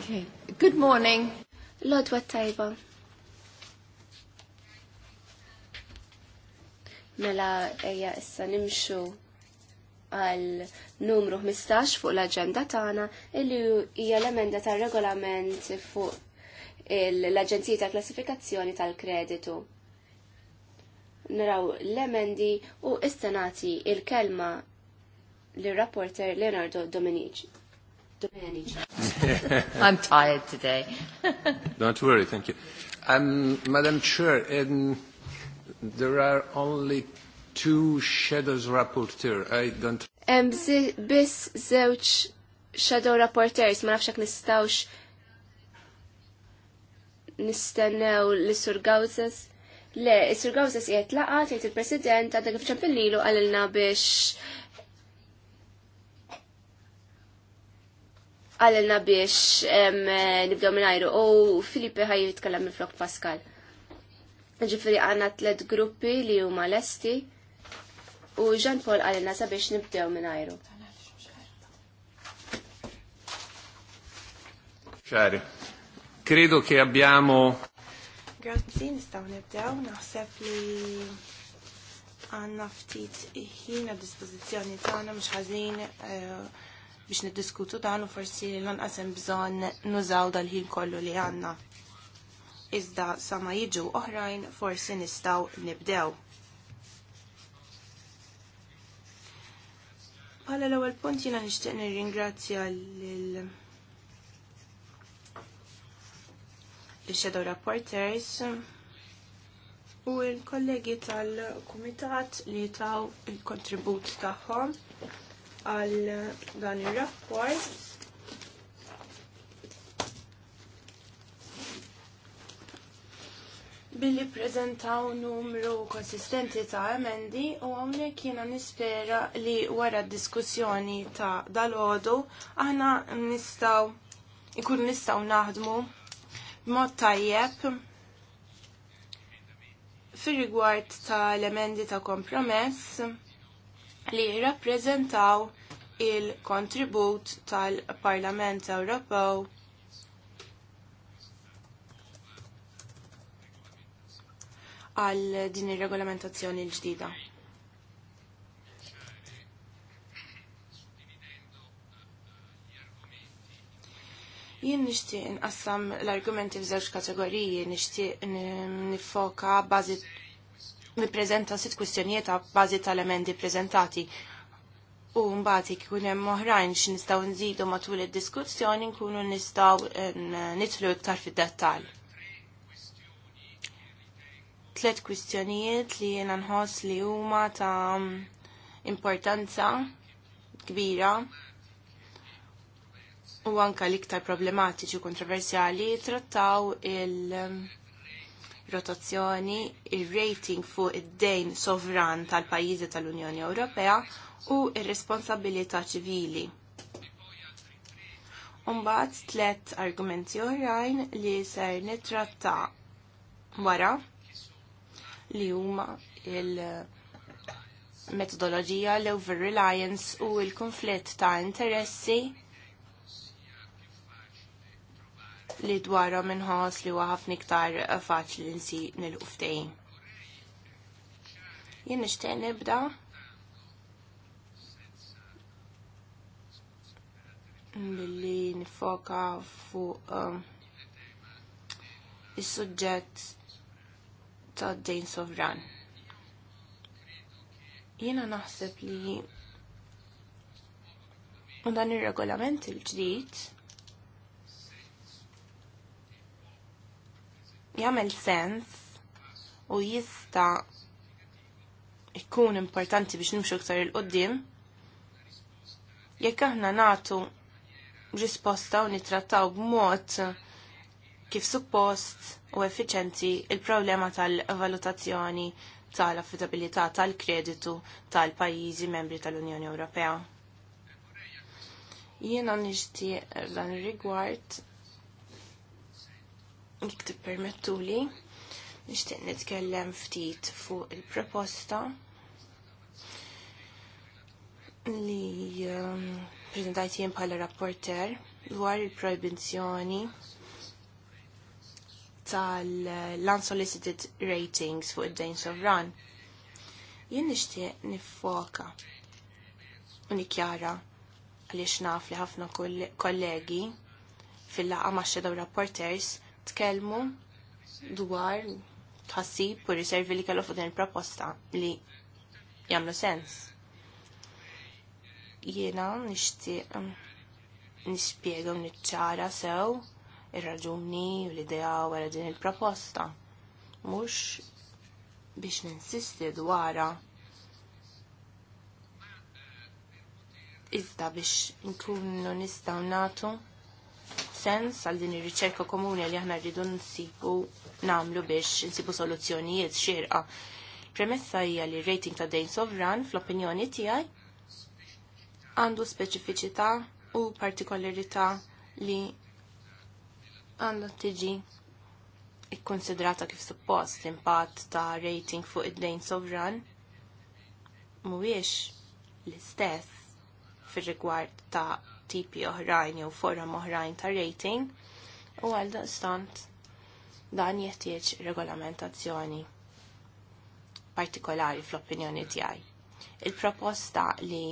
Okay. Good morning. what tajba. Mela eja issa nimxu għal numru 15 fuq l-agenda tagħna illi hija l-emenda tar-regolament fuq l-Aġenzija ta' Klassifikazzjoni tal-Kreditu. Naraw l-emendi u istanati il-kelma l-rapporter Leonardo Dominici to manage. I'm tired today. Don't worry, thank you. Um, Madam Chair, in, there are only two shadows rapporteur. I don't... Um, zi, bis zewċ shadow rapporteurs, ma nafxak nistawx nistennew l-Sur Gawzes. Le, Sur Gawzes jgħet laqat, jgħet il-President, għadda għifċan kif ċampillilu għalilna biex għalilna biex nibdew minn ajru u Filippi ħaj jitkellem minn flok Pascal. Ġifiri għanna tlet gruppi li huma lesti u Jean Paul għalilna sabiex nibdew minn ajru. Ċari, kredu ki abbiamo. Grazzi, nistaw nibdew, naħseb li għanna ftit ħin a dispożizzjoni tagħna mhux uh, biex niddiskutu dan u forsi li lanqas hemm bżonn nużaw dal-ħin kollu li għandna. Iżda sa ma jiġu oħrajn forsi nistgħu nibdew. Pala l-ewwel punt jiena nixtieq nirringrazzja lil l-Shadow Reporters u l-kollegi tal-Kumitat li taw il-kontribut tagħhom għal dan ir-rapport. billi prezentaw numru konsistenti ta' emendi u għawnek jena nispera li wara diskussjoni ta' dal-ħodu aħna nistaw ikun nistaw naħdmu mod tajjeb fir rigward ta' l-emendi ta' kompromess li jirrappreżentaw il-kontribut tal-Parlament Ewropew għal din ir-regolamentazzjoni l-ġdida. Jien nixtieq inqassam l-argumenti f'żewġ kategoriji, nixtieq nifoka bażi nippreżenta sitt kwistjonijiet ta' bażi tal-emendi preżentati. U mbagħad ikun hemm oħrajn x'nistgħu nżidu matul id-diskussjoni nkunu nistgħu eh, nidħlu iktar fid-dettall tlet kwistjonijiet li jena nħoss li huma ta' importanza kbira u anka l-iktar problematiċi kontroversjali trattaw il- protezzjoni, il rating fuq id-dejn sovran tal-pajjiżi tal-Unjoni Ewropea u ir-responsabilità ċivili. Umbat tlet argumenti oħrajn li ser nitratta wara li huma il-metodoloġija l-over-reliance u l-konflitt ta' interessi li dwarhom inħoss li huwa ħafna iktar faċli li nsi nil ftehim. Jien nixtieq nibda billi nifoka fuq um, is-suġġett ta' dejn sovran. Jiena naħseb li u dan ir-regolament il-ġdid jagħmel sens u jista' ikun importanti biex nimxu iktar il-qoddim jekk aħna nagħtu risposta u nitrattaw b'mod kif suppost u effiċenti il-problema tal-valutazzjoni tal-affidabilità tal-kreditu tal-pajjiżi membri tal-Unjoni Ewropea. Jiena nixtieq dan ir-rigward jek permettu li nishtiq nitkellem ftit fuq il-proposta li um, prezentajt jien bħala rapporter dwar il-proibizjoni tal-unsolicited ratings fuq id-dejn sovran. Jien nishtiq nifoka u nikjara għaliex naf li ħafna kollegi fil-laqa maċċa daw rapporters tkellmu dwar tħassib u riservi li kellu fuq din il-proposta li jagħmlu sens. Jiena nixtieq um, nispjega u niċċara sew ir-raġuni u l-idea wara din il-proposta. Mhux biex ninsisti dwarha iżda biex nkunu nistgħu nagħtu sens għal din ir-riċerka komuni li aħna rridu nsibu nagħmlu biex nsibu soluzzjonijiet xirqa. Premessa hija li rating ta' dejn sovran fl-opinjoni tiegħi għandu speċifiċità u partikolarità li għandu tiġi ikkonsidrata kif suppost l-impatt ta' rating fuq id-dejn sovran mhuwiex l-istess fir rigward ta' tipi oħrajn jew forum oħrajn ta' rating u għal stant dan jeħtieġ regolamentazzjoni partikolari fl-opinjoni tiegħi. Il-proposta li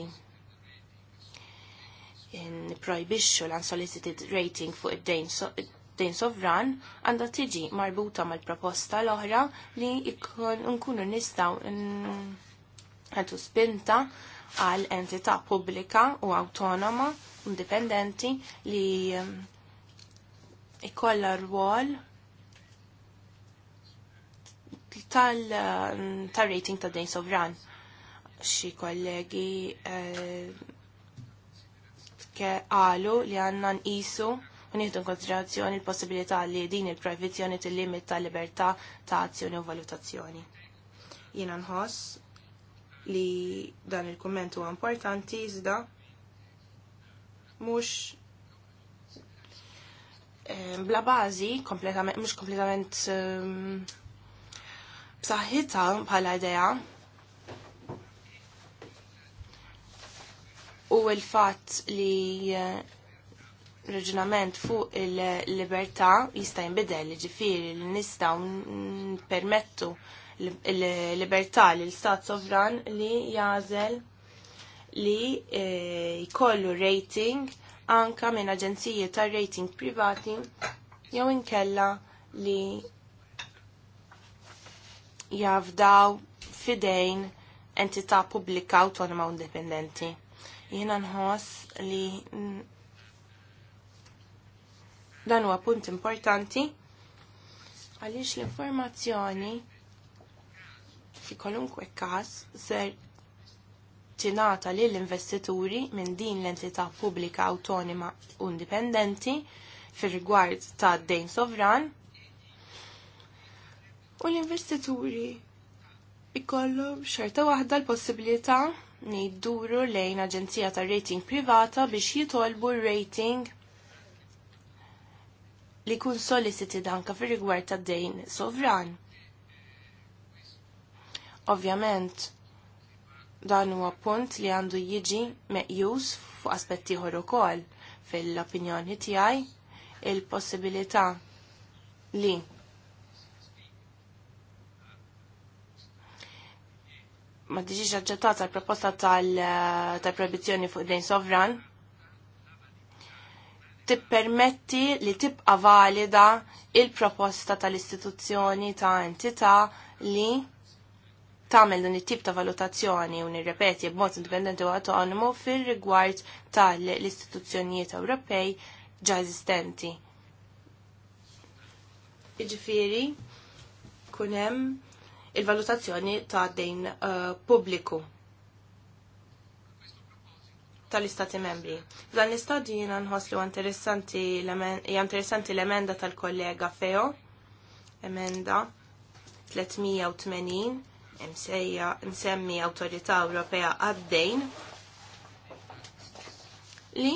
nipprojbixxu l-unsolicited rating fuq id-dejn dejn sovran għandha tiġi marbuta mal-proposta l-oħra li nkunu nistaw għandu spinta għal entità pubblika u autonoma, indipendenti li um, ikolla rwol tal-rating um, ta' dejn sovran. Xi kollegi eh, għalu li għanna nqisu u nieħdu konsiderazzjoni l-possibilità li din il-proibizzjoni tillimit tal-libertà ta' azzjoni u valutazzjoni. Jiena nħoss li dan il kommentu huwa importanti iżda mhux eh, bla bażi kompletament mhux kompletament eh, b'saħħitha bħala idea u l-fatt li eh, reġunament fuq il-libertà jista' jinbidel, ġifieri li nistgħu permettu l-libertà li l-stat sovran li jażel li eh, jkollu rating anka minn aġenzija ta' rating privati jew inkella li jafdaw fidejn entità pubblika autonoma u indipendenti. Jiena nħoss li dan huwa punt importanti għaliex l-informazzjoni fi kolunkwe każ ser tingħata lill investituri minn din l-entità pubblika awtonoma u indipendenti fir-rigward ta' dejn sovran u l-investituri ikollhom xorta waħda l-possibilità ngħidduru lejn aġenzija ta' rating privata biex jitolbu rating li kun soliciti danka fir rigward ta' dejn sovran. Ovvjament, dan huwa punt li għandu jiġi meqjus fuq aspetti ħor ukoll fil-opinjoni tiegħi il-possibilità li ma tiġix aġġettata l-proposta tal proibizzjoni fuq dejn sovran tippermetti li tibqa valida il-proposta tal-istituzzjoni ta' entità li tagħmel dan it-tip ta' valutazzjoni u nirrepeti b'mod indipendenti u autonomo fir-rigward tal-istituzzjonijiet Ewropej ġa eżistenti. Iġifieri kun hemm il-valutazzjoni ta' dejn uh, pubbliku tal-istati membri. Dan l-istadju jina nħoslu interessanti l-emenda tal-kollega Feo, emenda 380 nsemmi Awtorità Ewropea għad-dejn li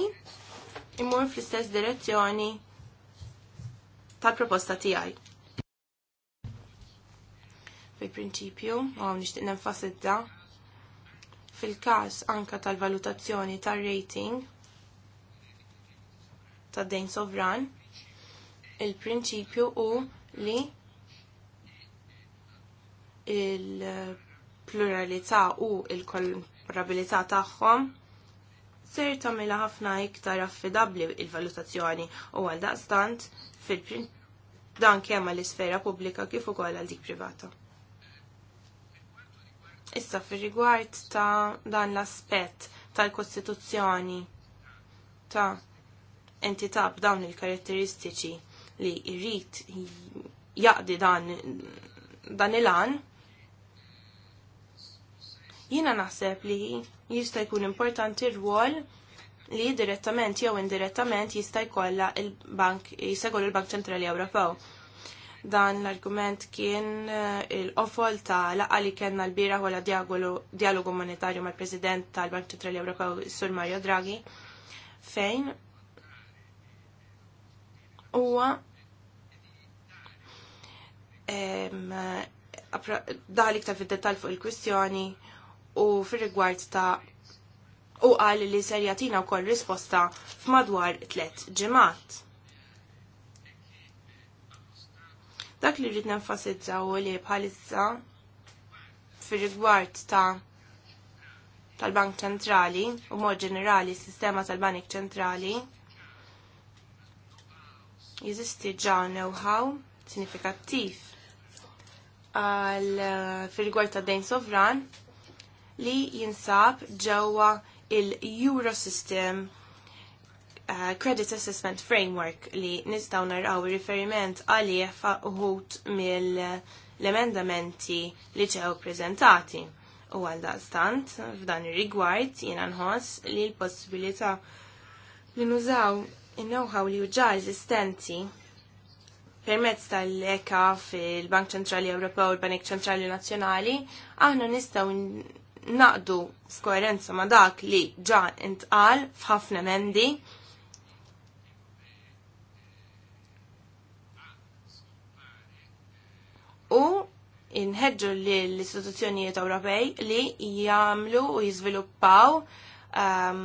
imur fl-istess direzzjoni tal-proposta tiegħi. Fil-prinċipju, għaw nixtieq nenfasizza fil-każ anka tal-valutazzjoni tar-rating tad-dejn sovran, il-prinċipju hu li il-pluralità u il-kollaborabilità tagħhom ser tagħmilha ħafna iktar affidabbli il-valutazzjoni u għal daqstant fil dan kemm għall isfera pubblika kif ukoll għal dik privata. Issa fir-rigward ta' dan l-aspett tal-Kostituzzjoni ta' entità b'dawn il-karatteristiċi li jrid jaqdi dan dan il-an Jiena naħseb li jista' jkun importanti r-rwol li direttament jew indirettament jista' jkollha il-Bank jkollu il-Bank Ċentrali Ewropew. Dan l-argument kien eh, il-qofol ta' laqqa li kellna l-bira wara dialogu monetarju mal-President tal-Bank Ċentrali Ewropew Sur Mario Draghi fejn huwa eh, dalik ta' fid-detal fuq il-kwistjoni u fir-rigward ta' u qal li serjatina u wkoll risposta f'madwar tliet ġemat. Dak li rrid nenfasizzaw li bħalissa fir-rigward ta' tal-Bank Ċentrali u mod ġenerali s-sistema tal-Bank Ċentrali jeżisti ġa know-how sinifikattiv għal eh, fil-rigward ta' dejn sovran li jinsab ġewwa il-Eurosystem uh, Credit Assessment Framework li nistaw naraw riferiment għalih uħut mill-emendamenti li ġew prezentati. U għal stant f'dan ir-rigward jiena nħoss li l possibilita li nużaw in-know-how li ġa eżistenti permezz tal-EKA fil-Bank Ċentrali Ewropew u l-Bank Ċentrali Nazzjonali, aħna nistgħu naqdu f'koerenza ma' dak li ġa intqal f'ħafna mendi. U inħedġu li l-istituzzjonijiet Ewropej li jagħmlu u jiżviluppaw um,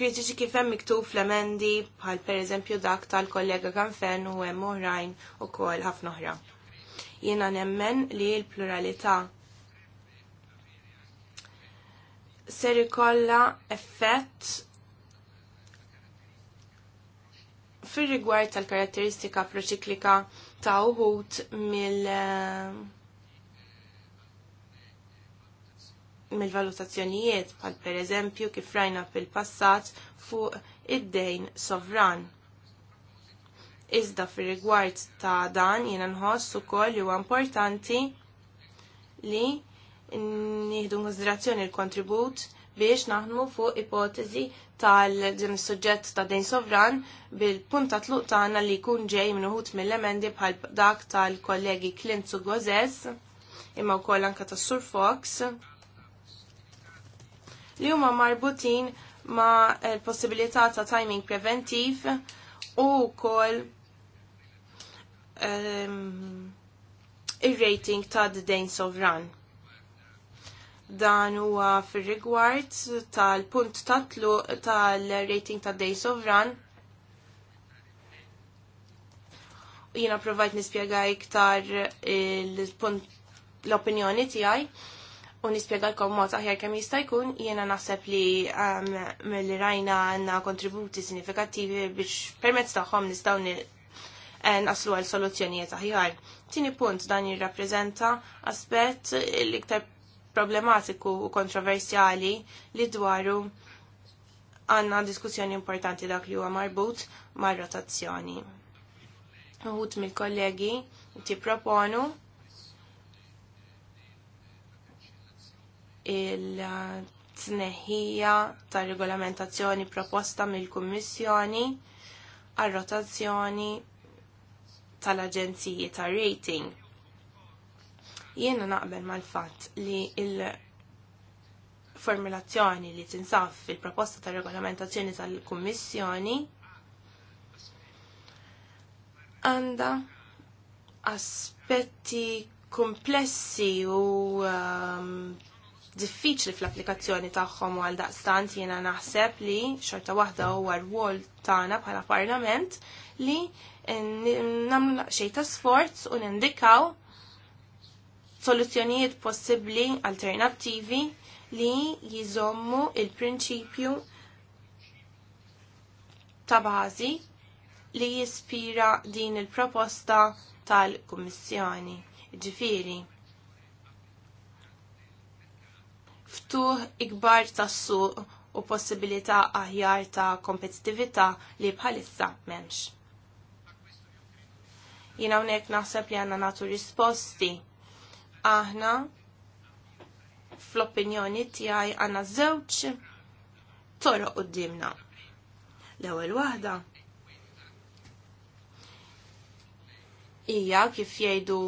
kritiċi kif hemm miktub fl-emendi bħal pereżempju dak tal-kollega Kanfen u hemm oħrajn ukoll ħafna oħra. Jiena nemmen li l-pluralità ser ikolla effett fir rigward tal-karatteristika proċiklika ta' uħut mill- eh, mill-valutazzjonijiet, bħal per eżempju kif rajna fil-passat fuq id-dejn sovran. Iżda fir rigward ta' dan jiena nħoss ukoll li huwa importanti li nieħdu konsiderazzjoni l-kontribut biex naħdmu fuq ipotezi tal-din suġġett ta' dejn sovran bil-punta tluq tagħna li jkun ġej minuħut mill-emendi bħal dak tal-kollegi Clint Gozes imma wkoll anke tas-Sur Fox li huma marbutin ma' l-possibilità ta' timing preventiv u wkoll um, ir-rating ta' d of sovran. Dan huwa fir-rigward tal-punt tatlu tal-rating ta' of sovran. Jiena provajt nispjega iktar il-punt l-opinjoni tiegħi u l mod aħjar kemm jista' jkun jiena naħseb li um, mill-rajna għandna kontributi sinifikattivi biex permezz tagħhom nistgħu naslu għal soluzzjonijiet aħjar. Tini punt dan jirrappreżenta aspett l-iktar problematiku u kontroversjali li dwaru għanna diskussjoni importanti dak li huwa marbut mar rotazzjoni. Uħut mill-kollegi ti proponu il-tneħija ta' regolamentazzjoni proposta mill-Kummissjoni għal rotazzjoni tal-aġenziji ta' rating. Jiena naqbel mal-fatt li il- formulazzjoni li tinsaf fil-proposta ta' regolamentazzjoni tal-Kummissjoni għanda aspetti komplessi u um, diffiċli fl-applikazzjoni tagħhom għal daqstant jiena naħseb li xorta waħda huwa rwol tagħna bħala parlament li namlu xej ta' sforz u nindikaw soluzzjonijiet possibbli alternattivi li jizommu il-prinċipju ta' bażi li jispira din il-proposta tal-Kummissjoni. Ġifiri, ftuħ ikbar tas-suq u possibilità aħjar ta' kompetitività li bħalissa m'hemmx. Jina unek naħseb li għanna natu risposti. Aħna, fl-opinjoni tijaj għanna zewċ toro qoddimna. L-ewel wahda. Ija kif jgħidu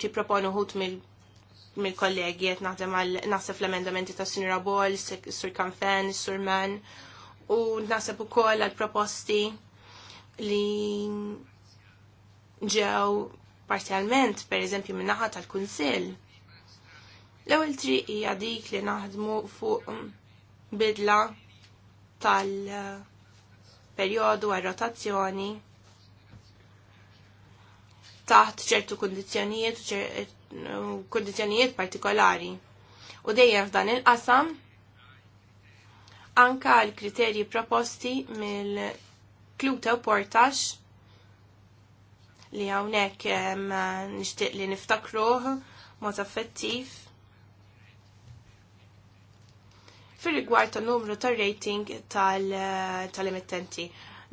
ti proponu hut mill-kollegi qed naħdem għal naħseb l-emendamenti ta' Sinra Ball, Sur Kanfen, Sur Man u naħseb ukoll għal proposti li ġew parzjalment, per eżempju, minnaħa tal-Kunsill. L-ewwel triq hija dik li naħdmu fuq mm, bidla tal-perjodu eh, għal rotazzjoni taħt ċertu kundizzjonijiet u eh, mm, kundizzjonijiet partikolari. U dejjem f'dan il-qasam anka l-kriterji proposti mill-Klutew Portax li hawnhekk nixtieq li niftakruh mod affettiv. Fir-rigward ta' numru ta' rating eh, tal-emittenti.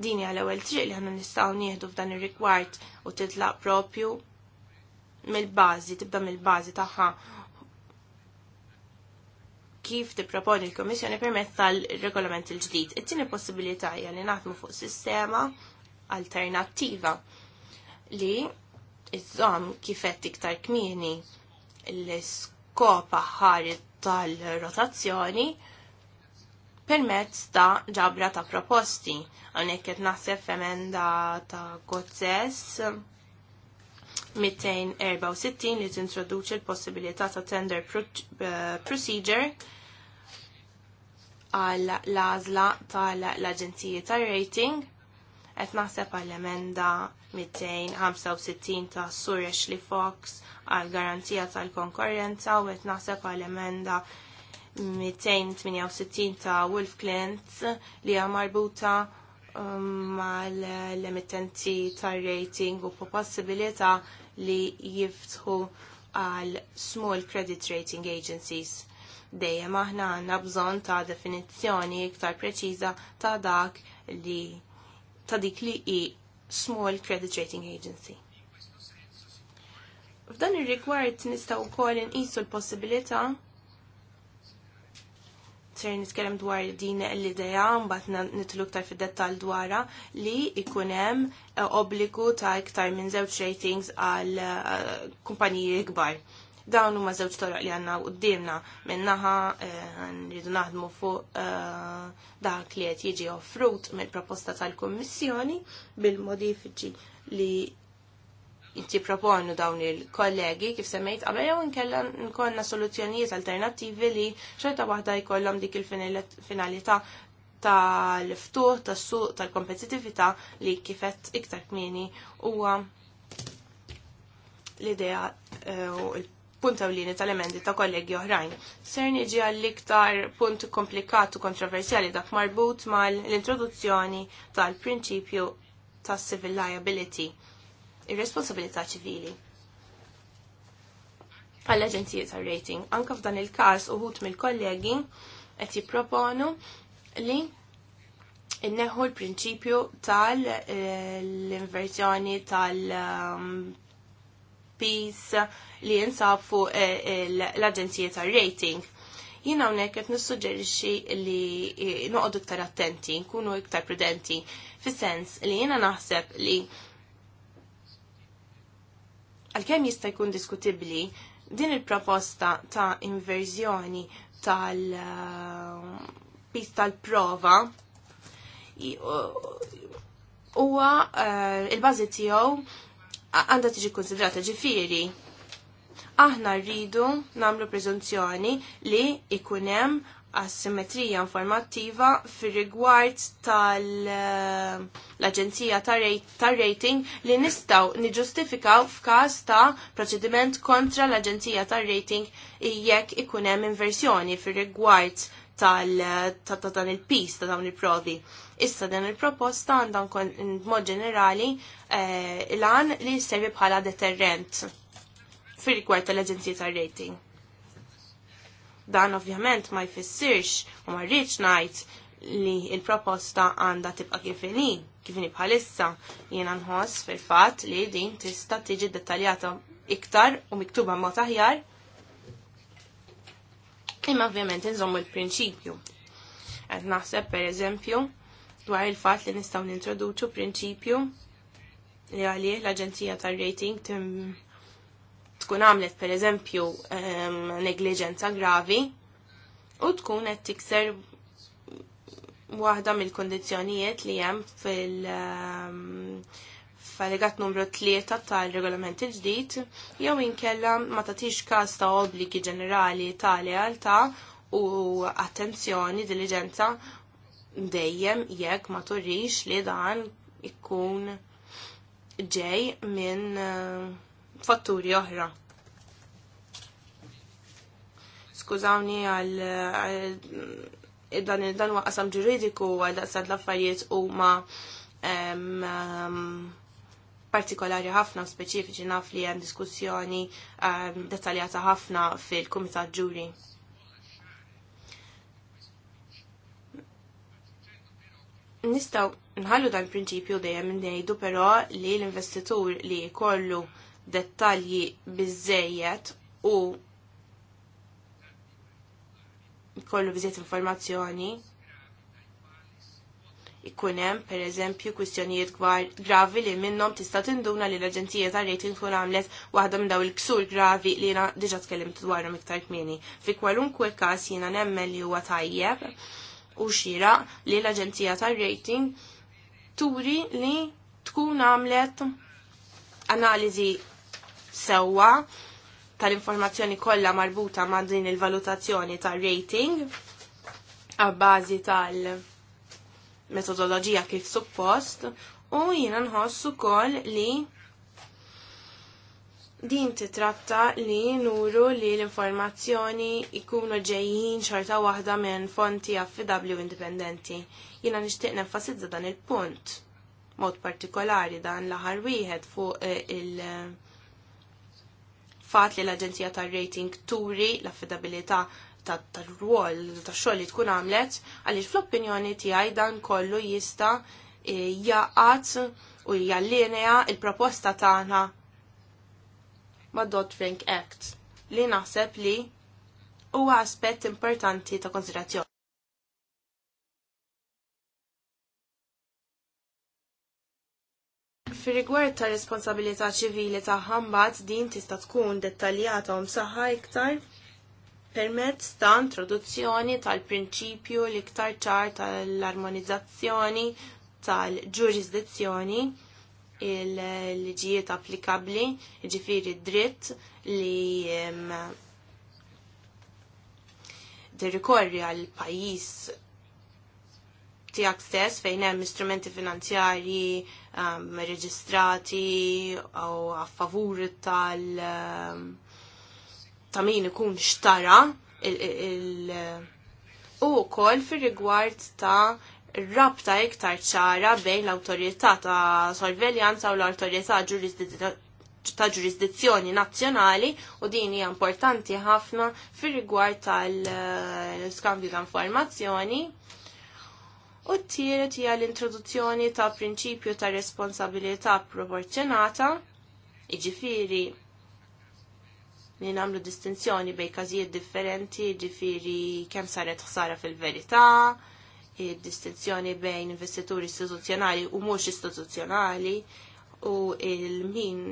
Dini għal ewwel triq li ħana nistgħu nieħdu f'dan ir-rigward u titlaq propju mill-bażi, tibda mill-bażi tagħha kif tipproponi l-Komissjoni permezz tal-regolament il-ġdid. It-tieni possibilità hija li naħdmu fuq sistema alternattiva li iżom kifet iktar kmini l-skopa ħari tal-rotazzjoni permezz ta' ġabra ta' proposti. Għonek qed naħseb femenda ta' Gozzes 264 li tintroduċi l-possibilità ta' tender eh, procedure għal l-azla tal-aġenziji tar rating qed naħseb għall emenda 265 ta' Sur Ashley Fox għal garanzija tal-konkorrenza u qed naħseb għal emenda 268 ta' Wolf Clint li hija marbuta um, mal l-emittenti tar-rating u possibilità li jiftħu għal small credit rating agencies dejjem aħna għandna bżonn ta' definizzjoni iktar preċiża ta' dak li ta' dik li hi Small Credit Rating Agency. F'dan ir-rigward nistaw ukoll inqisu l-possibilità ser nitkellem dwar din l-idea mbagħad nitlu aktar fid-dettall dwarha li jkun hemm eh, obbligu ta' iktar minn żewġ ratings għal eh, kumpaniji kbar. Dawn huma żewġ toroq li għandna qudiemna naħa eh, nridu naħdmu fuq eh, dak li qed jiġi offrut mill-proposta tal-Kummissjoni bil-modifiċi li inti proponu dawn il-kollegi kif semmejt qabel jew inkella nkollna soluzzjonijiet alternattivi li xorta waħda jkollhom dik il-finalità tal-ftuħ tas-suq tal-kompetitività li kifet iktar kmieni huwa l-idea eh, u uh, punta u tal-emendi ta' kollegi oħrajn. Ser niġi għall-iktar punt komplikat u kontroversjali dak marbut mal-introduzzjoni tal-prinċipju ta' civil liability, ir-responsabilità ċivili għall-Aġenzija tar rating. Anka f'dan il-każ uħut mill-kollegi qed jipproponu li inneħħu l-prinċipju tal-inverzjoni tal- eh, pis li jinsab fuq eh, eh, l-aġenzija tar-rating jina unnek qed nissuġġerixxi li eh, noqogħdu iktar attenti, nkunu iktar prudenti, fis-sens li jiena naħseb li għalkemm jista' jkun diskutibbli din il-proposta ta' inverżjoni tal pis tal-prova huwa il-bażi tiegħu għandha tiġi konsidrata ġifieri. Aħna rridu nagħmlu preżunzjoni li ikun hemm asimetrija informattiva fir rigward tal-Aġenzija eh, tar-rating li nistaw niġustifikaw f'każ ta' proċediment kontra l-Aġenzija tar-rating jekk ikun hemm inversjoni fir rigward tal dan il-pis ta' dawn il-provi. Issa dan il-proposta għandan kon mod ġenerali eh, l-għan li jisservi bħala deterrent fir rigward tal agenzija tar-Rating. Dan ovvjament ma jfissirx u ma rridx ngħid li il-proposta għandha tibqa' kif inhi, kif bħalissa jiena nħoss fil-fatt li din tista' tiġi dettaljata iktar u miktuba mod aħjar Imma ovvjament nżommu l-prinċipju. Qed naħseb pereżempju dwar il-fatt li nistgħu nintroduċu prinċipju li għalih l-Aġenzija tar-rating tkun għamlet pereżempju negliġenza gravi u tkun qed tikser waħda mill-kondizzjonijiet li hemm fil- um, f'allegat iva numru 3 tal-regolament il-ġdid jew inkella ma tagħtix każ ta' obbligi ġenerali ta' lealtà u attenzjoni diligenza dejjem jekk ma turrix li dan ikun ġej minn eh, fatturi oħra. Skużawni għal eh, dan dan waqasam ġuridiku għal daqsad l-affarijiet u ma partikolari ħafna u speċifiċi naf li hemm diskussjoni um, dettaljata ħafna fil-Kumitat Ġuri. Nistaw nħallu dan prinċipju dejjem ngħidu però li l-investitur li jkollu dettalji biżejjed u kollu biżejjed informazzjoni Ikun hemm pereżempju kwistjonijiet gravi li minnhom tista' tinduna li l-Aġenzija ta' rating tkun għamlet waħda minn daw il-ksur gravi li jiena diġà tkellimt dwarhom iktar kmieni. Fi kwalunkwe każ jiena nemmen li huwa tajjeb u xira li l-Aġenzija ta' rating turi li tkun għamlet analiżi sewwa tal-informazzjoni kollha marbuta ma' din il-valutazzjoni tar rating għabbażi tal- metodoloġija kif suppost u jiena nħossu kol li din titratta li nuru li l-informazzjoni ikunu ġejjin xorta waħda minn fonti affidabli u indipendenti. Jina nixtieq nenfasizza dan il-punt mod partikolari dan l wieħed fuq eh, il- fat li l-Aġenzija tar rating turi l-affidabilità tal-rwol, tax-xogħol li tkun għamlet, għaliex fl-opinjoni tiegħi dan kollu jista' e, jaqgħad u jallinea il-proposta tagħna ma' Dodd-Frank Act li naħseb li huwa aspett importanti ta' konsiderazzjoni. fir rigward ta' responsabilità ċivili ta' ħambat din tista' tkun dettaljata u msaħħa iktar permezz ta' introduzzjoni tal-prinċipju l-iktar ċar tal-armonizzazzjoni tal-ġurisdizzjoni il-liġijiet applikabli, ġifiri dritt li dirikorri għal pajis tijak stess fejn hemm istrumenti finanzjari um, reġistrati u a favur tal um, ta' min ikun xtara il- u wkoll fir-rigward ta' rabta iktar ċara bejn l-autorità ta' sorveljanza u l-autorità ta' ġurisdizzjoni nazzjonali u din hija importanti ħafna fir-rigward tal-skambju ta' informazzjoni. U t tiret hija l-introduzzjoni ta' prinċipju ta' responsabilità proporzjonata, iġifiri li namlu distinzjoni bej każijiet differenti, ġifiri kemm saret ħsara fil-verità, distinzjoni bejn investituri istituzzjonali u mhux istituzzjonali u il-min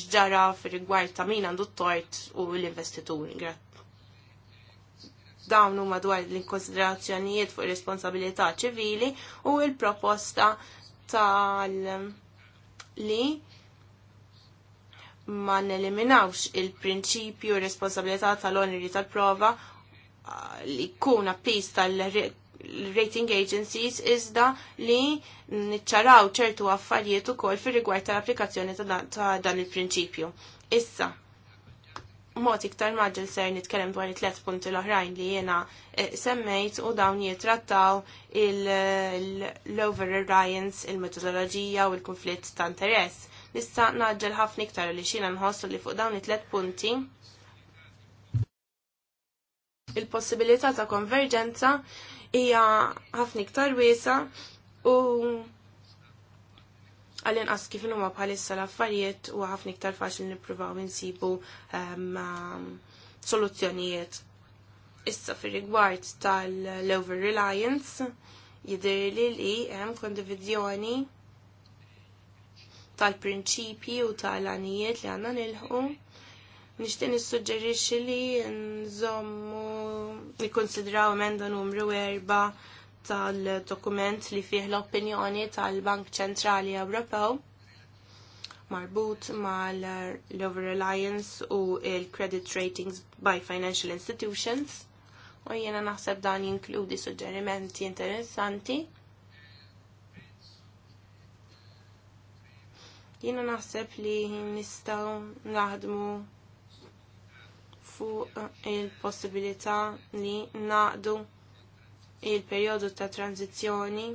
ġġara fil rigward ta' min għandu t-tort u l-investitur. Dawn huma dwar l-inkonsiderazzjonijiet fuq responsabilità ċivili u l proposta tal li ma neliminawx il-prinċipju responsabilità tal-oneri tal-prova ah, li kun appis tal-rating agencies iżda li niċċaraw ċertu affarijiet ukoll fir-rigward tal-applikazzjoni ta' dan il-prinċipju. Issa, mod iktar maġġel ser nitkellem dwar it-tlet punti l-oħrajn li jiena eh, semmejt u dawn jitrattaw l Reliance, il-metodoloġija u l-konflitt ta' interess. Nista' naġġel ħafna iktar li xina nħossu li fuq dawn it-tlet punti il-possibilità ta' konverġenza hija ħafna iktar wiesa u għallin inqas kif huma bħalissa l-affarijiet u ħafna iktar faċli nippruvaw insibu um, soluzzjonijiet. Issa fir rigward tal-over reliance jidhirli li li hemm kondivizjoni tal-prinċipji u tal-għanijiet li għanna nilħu. Nishtin nissuġġerixi li nżommu nikonsidraw emenda numru erba tal-dokument li fih l-opinjoni tal-Bank Ċentrali Ewropew marbut mal l-over-reliance u il-credit ratings by financial institutions u jena naħseb dan jinkludi suġġerimenti interessanti Jiena naħseb li nistgħu naħdmu fuq il-possibilità li naqdu il-perjodu ta' tranzizzjoni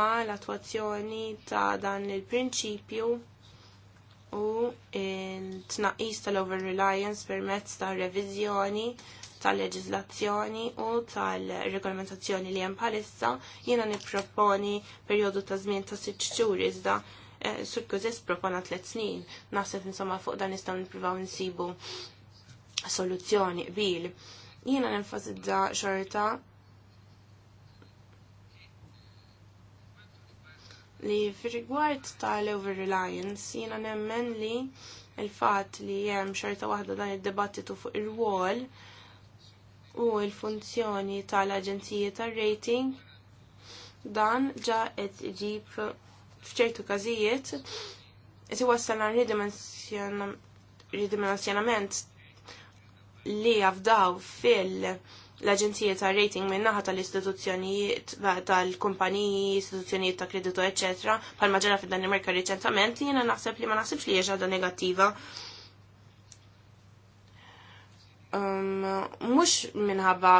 ma' l-attuazzjoni ta' dan il-prinċipju u tnaqqis tal-over reliance permezz ta' reviżjoni tal-leġizlazzjoni u tal-regolamentazzjoni li hemm bħalissa jiena nipproponi perjodu ta' żmien ta' 6 xhur iżda Eh, Sur Gozes propona tlet snin. Naħseb insomma fuq dan nistgħu nippruvaw nsibu soluzzjoni qbil. Jiena nenfasizza xorta li fir-rigward tal-over-reliance jiena nemmen li il-fat li jem xorta wahda dan il-debattitu fuq il-wall u il-funzjoni tal-Aġenzija tal-Rating dan ġa qed iġib fċertu każijiet qed iwassal għal ridimensjonament li jafdaw fil- l-Aġenzija ta' rating minn naħa tal-istituzzjonijiet, tal-kumpaniji, istituzzjonijiet ta' kreditu, etc. pal maġġara fid danimarka reċentament jena naħseb li ma naħsibx li jieġa negattiva. Um, mux minħabba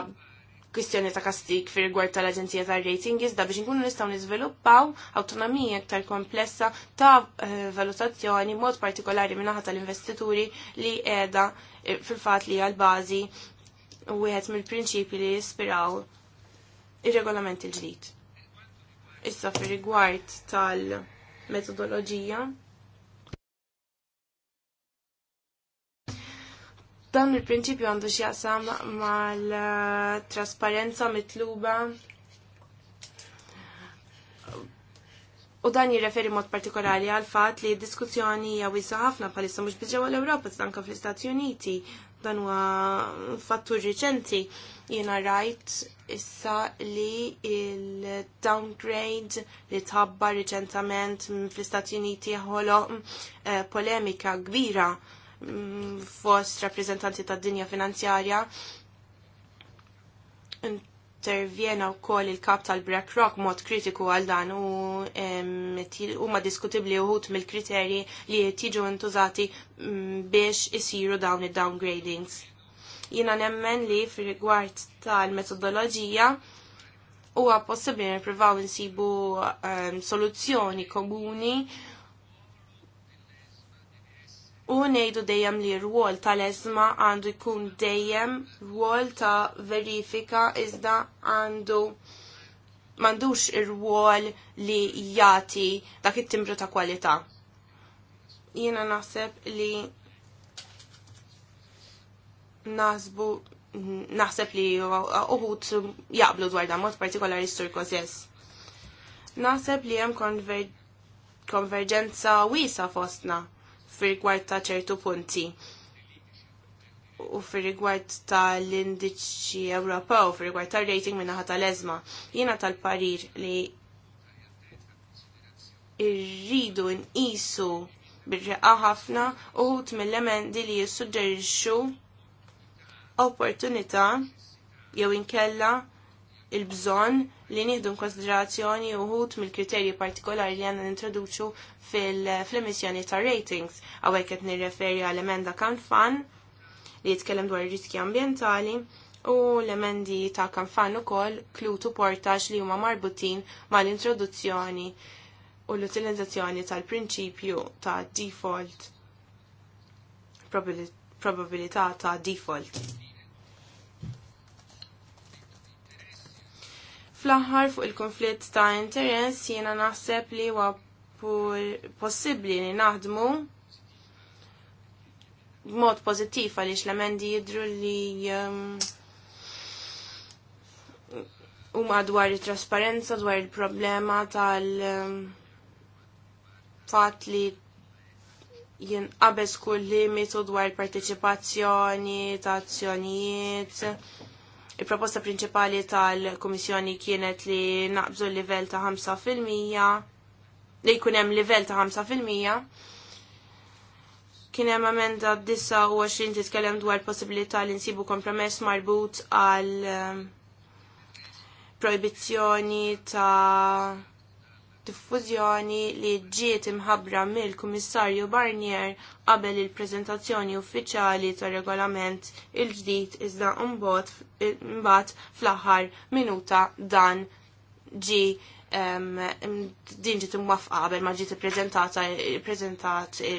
kwistjoni ta' kastik fir rigward tal-Aġenzija tar rating iżda biex nkunu nistgħu niżviluppaw awtonomija aktar komplessa ta' eh, valutazzjoni mod partikolari naħa tal-investituri li qiegħda eh, fil-fatt li għall bażi wieħed mill-prinċipji li jispiraw ir-regolament il-ġdid. Issa fir rigward tal-metodoloġija Dan il-prinċipju għandu x'jaqsam mal-trasparenza mitluba U dan jirreferi mod partikolari għal fat li diskussjoni hija wiesa ħafna bħalissa mhux biġew l-Ewropa tanka fl-Istati Uniti. Dan huwa fattur riċenti jiena rajt issa li il-downgrade li tħabba riċentament fl-Istati Uniti ħoloq eh, polemika kbira fost rappresentanti ta' dinja finanzjarja. Intervjena u koll il-kap tal-Black Rock mod kritiku għal dan u huma diskutibli uħut mill-kriterji li tiġu intużati mm, biex isiru dawn id-downgradings. Jina nemmen li fil-rigward tal-metodologija huwa possibbli nirprivaw insibu um, soluzzjoni komuni U nejdu dejjem li r-wol tal-ezma għandu jkun dejjem rwol ta' verifika iżda għandu mandux r wol li jati dak it-timbru ta' kwalità. Jiena naħseb li nasbu naħseb li uħut jaqblu dwar da mod partikolari s-sur kozess. Naħseb li hemm konverġenza wiesa fostna fir-rigward ta' ċertu punti u fir-rigward ta' l-indiċi Ewropew, fir-rigward ta' rating minnaħa tal-ezma. Jiena tal-parir li irridu nqisu bir-reqqa ħafna uħut mill-elementi li jissuġġerixxu opportunità jew inkella il-bżon li nieħdu konsiderazzjoni uħut mill-kriterji partikolari li għanna nintroduċu fil-emissjoni ta' ratings. Għawek qed nirreferi għal emenda kanfan li jitkellem dwar riski ambientali u l-emendi ta' kanfan ukoll klutu portax li huma marbutin mal-introduzzjoni u l-utilizzazzjoni tal-prinċipju ta' default probabilità ta' default Fl-aħħar fuq il-konflitt ta' interess jiena naħseb li huwa possibbli li naħdmu b'mod pożittiv għaliex l-emendi jidru li um, huma dwar it-trasparenza, dwar il-problema tal- um, fatt li jinqabes kull limitu dwar partecipazzjoni, ta' azzjonijiet Il-proposta prinċipali tal-Komissjoni kienet li naqbżu l-livell ta' 5% li jkun hemm livell ta' 5% kien hemm emenda 29 titkellem dwar possibilità li nsibu kompromess marbut għal ehm, proibizzjoni ta' diffużjoni li ġiet imħabbra mill-Kummissarju Barnier qabel il-preżentazzjoni uffiċjali tar-regolament il-ġdid iżda mbagħad fl-aħħar minuta dan ġi din ġiet imwafqa qabel ma ġiet ippreżentat eh,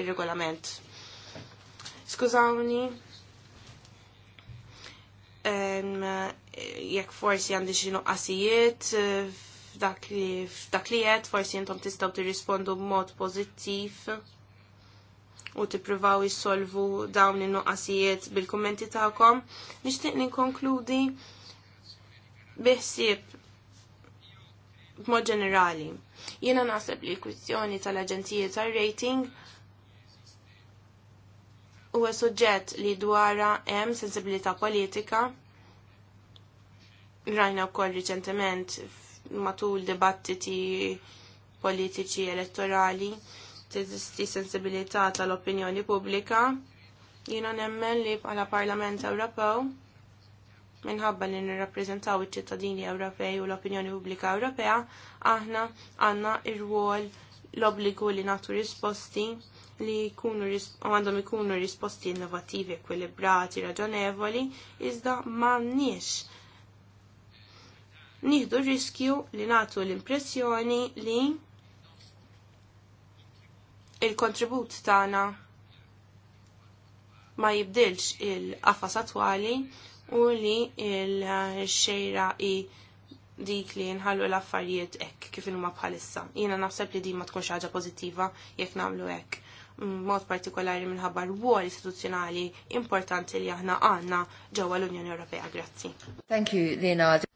il-regolament. Skużawni, jekk forsi għandi xi nuqqasijiet eh, f'dak li f'dak li qed forsi intom tistgħu tirrispondu b'mod pożittiv u tippruvaw jissolvu dawn in-nuqqasijiet bil-kummenti tagħkom. Nixtieq ninkonkludi biħsieb b'mod ġenerali. Jiena naħseb li kwistjoni tal-aġenziji tar-rating huwa suġġett li dwara hemm sensibilità politika rajna wkoll riċentement matul dibattiti politiċi elettorali teżisti sensibilità tal-opinjoni pubblika. Jiena nemmen li bħala Parlament Ewropew minħabba li nirrappreżentaw iċ-ċittadini Ewropej u l-opinjoni pubblika Ewropea, aħna għandna ir-rwol l-obbligu li nagħtu risposti li kunu għandhom ikunu risposti innovativi, ekwilibrati, raġonevoli, iżda m'għandniex nieħdu riskju li nagħtu l-impressjoni li il-kontribut tagħna ma jibdilx il-qafas attwali u li il-xejra i dik li nħallu l-affarijiet ek kif il-ma bħalissa. Jiena naħseb li din ma tkunx ħaġa pożittiva jekk nagħmlu hekk mod partikolari minħabba ruol istituzzjonali importanti li aħna għanna ġewwa l-Unjoni Ewropea. Grazzi. Thank you, Leonardo.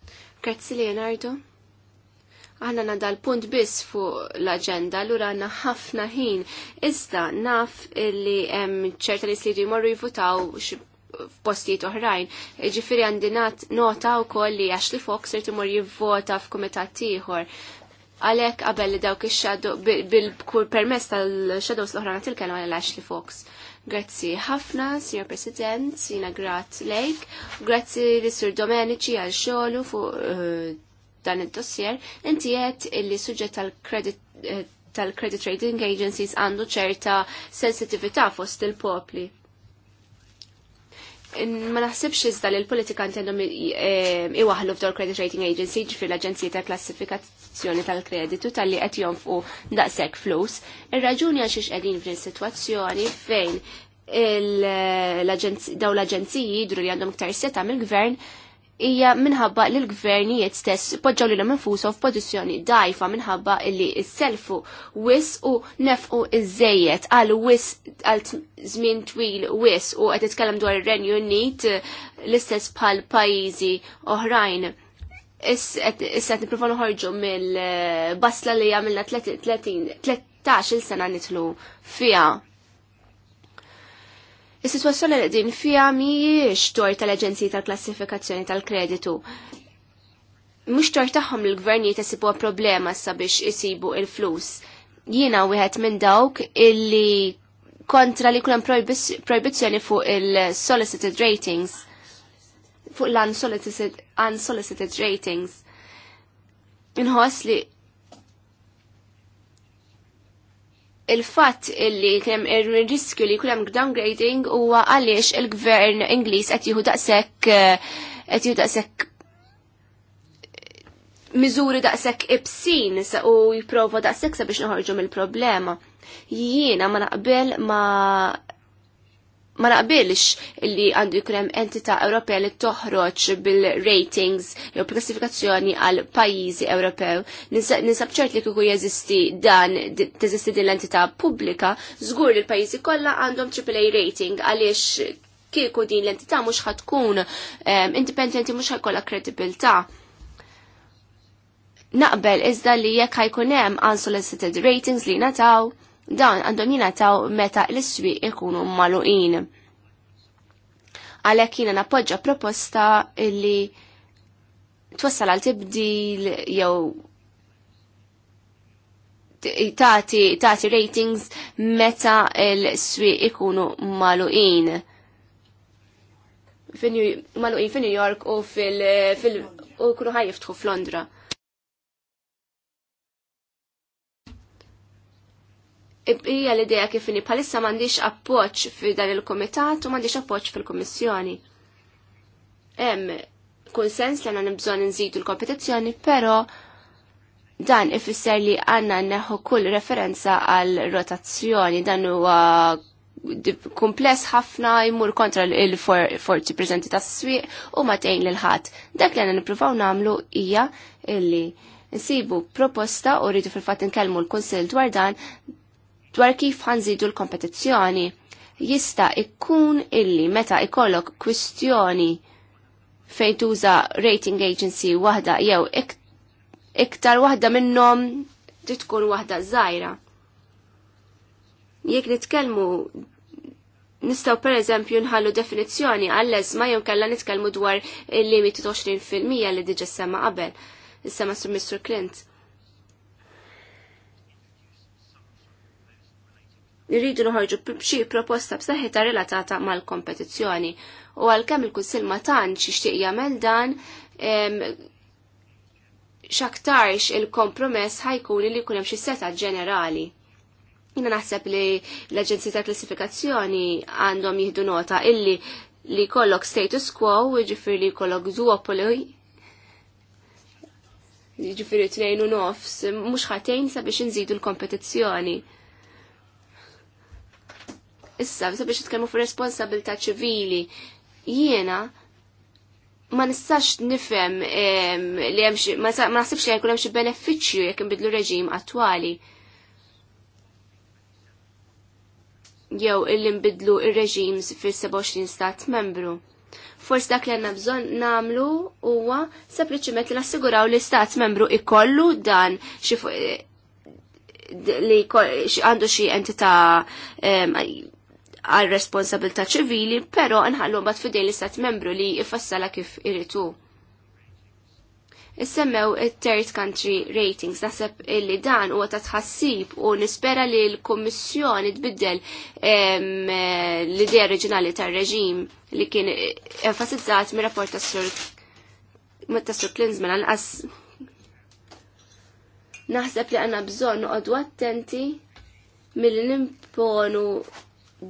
Grazzi, Leonardo. Aħna nadal punt biss fuq l-agenda, l-ura għanna ħafna ħin. Iżda naf li ċerta li s morru jmorru jivutaw f'postijiet oħrajn. Ġifiri għandinat nota u koll li Ashley Fox irtimur jivvota f'kumitat ieħor għalhekk qabel li dawk ix-shadow bil-kull permess tal-shadows l-oħra nagħtil kelma lil Ashley Fox. Grazzi ħafna, Sir President, Sina Grat Lejk, grazzi li Sir Domenici għal xogħlu fuq eh, dan id-dossier, inti qed illi suġġett tal-credit eh, tal-credit rating agencies għandu ċerta sensitivita fost il-popli. Ma naħsibx iżda li l-politika għandhom eh, iwaħlu f'dor credit rating agency ġifri l-Aġenzija ta' tal istituzzjoni tal-kreditu tal-li qed jonfqu daqshekk flus. Ir-raġuni għax ix qegħdin f'din sitwazzjoni fejn daw l-aġenziji jidru li għandhom iktar seta mill-gvern hija minħabba li l-gvernijiet stess poġġaw lilhom infushom f'pożizzjoni dajfa minħabba li s-selfu wis u nefqu iż-żejjed għal wis għal żmien twil wis u qed titkellem dwar ir-Renju Unit eh, l-istess bħal pajjiżi oħrajn issa niprofa nħorġu mill-basla li għamilna 13 il-sena nitlu fija. Is-sitwazzjoni li din fija mhijiex tort tal aġenzija tal-Klassifikazzjoni tal-Kreditu. Mhux tor tagħhom l-gvernijiet isibuha problema sabiex isibu il-flus. Jiena wieħed minn dawk illi kontra li kunem proibizzjoni fuq il-solicited ratings fuq l-unsolicited ratings. Inħoss li il-fatt illi kem il-riskju li kulem downgrading huwa għaliex il-gvern Ingliż qed jieħu daqshekk għet eh, jieħu daqsek miżuri daqshekk ibsin u daqsek daqshekk sabiex noħorġu mill-problema. Jiena ma naqbel ma ma naqbilx li għandu jkun hemm Ewropea li toħroġ bil-ratings jew klassifikazzjoni għal pajjiżi Ewropew. Ninsab ċert li kieku jeżisti dan teżisti din l-entità pubblika, żgur li l-pajjiżi kollha għandhom AAA rating għaliex kieku din l-entità mhux ħatkun um, indipendenti mhux ħajkollha kredibilità. Naqbel iżda li jekk ħajkun hemm unsolicited ratings li nataw Dan għandhom jingħataw meta l iswi ikunu magħluqin. Għalhekk jiena nappoġġa proposta illi twassal għal tibdil jew tati, tati ratings meta l-swiq ikunu maluqin. Maluqin fi New York u fil- u kunu ħajjiftħu f'Londra. hija l-idea kif inhi bħalissa m'għandix appoġġ f'dan il-kumitat u m'għandix appoġġ fil-kummissjoni. Em, konsens li għandna nibżon nżidu l-kompetizzjoni, però dan ifisser li għandna neħu kull referenza għal rotazzjoni dan huwa kumpless ħafna jmur kontra il-forti preżenti tas-swieq u ma tgħin lil ħadd. Dak li għandna nippruvaw nagħmlu hija illi nsibu proposta u rridu fil-fat nkellmu l konsil dwar dan dwar kif ħanżidu l-kompetizzjoni. Jista' ikkun illi meta ikollok kwistjoni fejn tuża rating agency waħda jew iktar waħda minnhom tkun waħda żgħira. Jekk nitkellmu nistaw per eżempju nħallu definizzjoni għall ma jew kellha nitkellmu dwar il-limit 20% li diġa sema qabel. Is-sema Mr. Clint. irridu noħorġu b'xi proposta b'saħħitha relatata mal-kompetizzjoni. U għalkemm il-Kunsill ma tantx ixtieq jagħmel dan, xaktarx il-kompromess ħajkun li jkun hemm xi seta ġenerali. Jina naħseb li l-Aġenzija ta' Klassifikazzjoni għandhom jieħdu nota illi li kollok status quo, ġifir li kollok duopoli, jiġifieri tnejn u nofs, mux ħatejn sabiex nżidu l-kompetizzjoni. Issa, sabiex nitkellmu fu responsabilità ċivili, jiena ma nistax nifhem li hemm ma nasibx li jkun hemm xi benefiċċju jekk inbidlu reġim attwali. Jew illi nbidlu ir-reġims fil-27 stat membru. Forsi dak li għanna bżon namlu huwa sempliċiment li nassiguraw li stat membru ikollu dan xi eh, li għandu xi entità għal responsabilta ċivili, pero nħallu bat fidejn l-istat membru li jifassala kif irritu. Issemmew il-Third Country Ratings, nasab illi dan u ta' tħassib u nispera li l-Kommissjoni tbiddel l-idea oriġinali tar reġim li kien enfasizzat mir rapport ta' Sur ta' Sur Klinsman għal-qas naħseb li għanna bżon noqogħdu attenti mill-imponu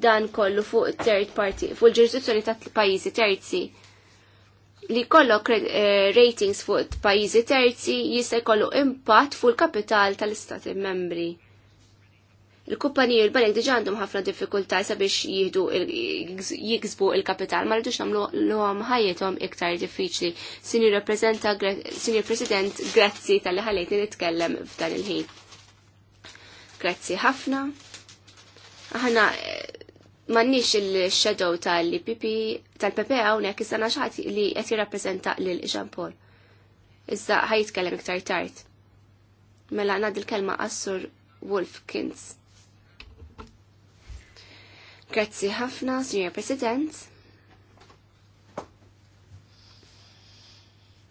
dan kollu fuq third party, fuq il-ġurisdizzjoni ta' pajjiżi terzi li kollok eh, ratings fuq pajjiżi terzi jista' jkollu impatt fuq il-kapital tal-istati membri. Il-kumpaniji l banek diġa għandhom ħafna diffikultà sabiex jihdu jiksbu il-kapital, ma rridux nagħmlu l-għom ħajjithom iktar diffiċli. Sinjur President, grazzi tal-li ħalejtni nitkellem f'dan il-ħin. Grazzi ħafna. Aħna eh, mannix il-shadow tal-PP tal pepe hawnhekk issa naxħat li qed jirrappreżenta lil Jean Paul. Issa kellem iktar tard. Mela ngħaddi l-kelma qassur Wolf Kins. Grazzi ħafna, Sr. President.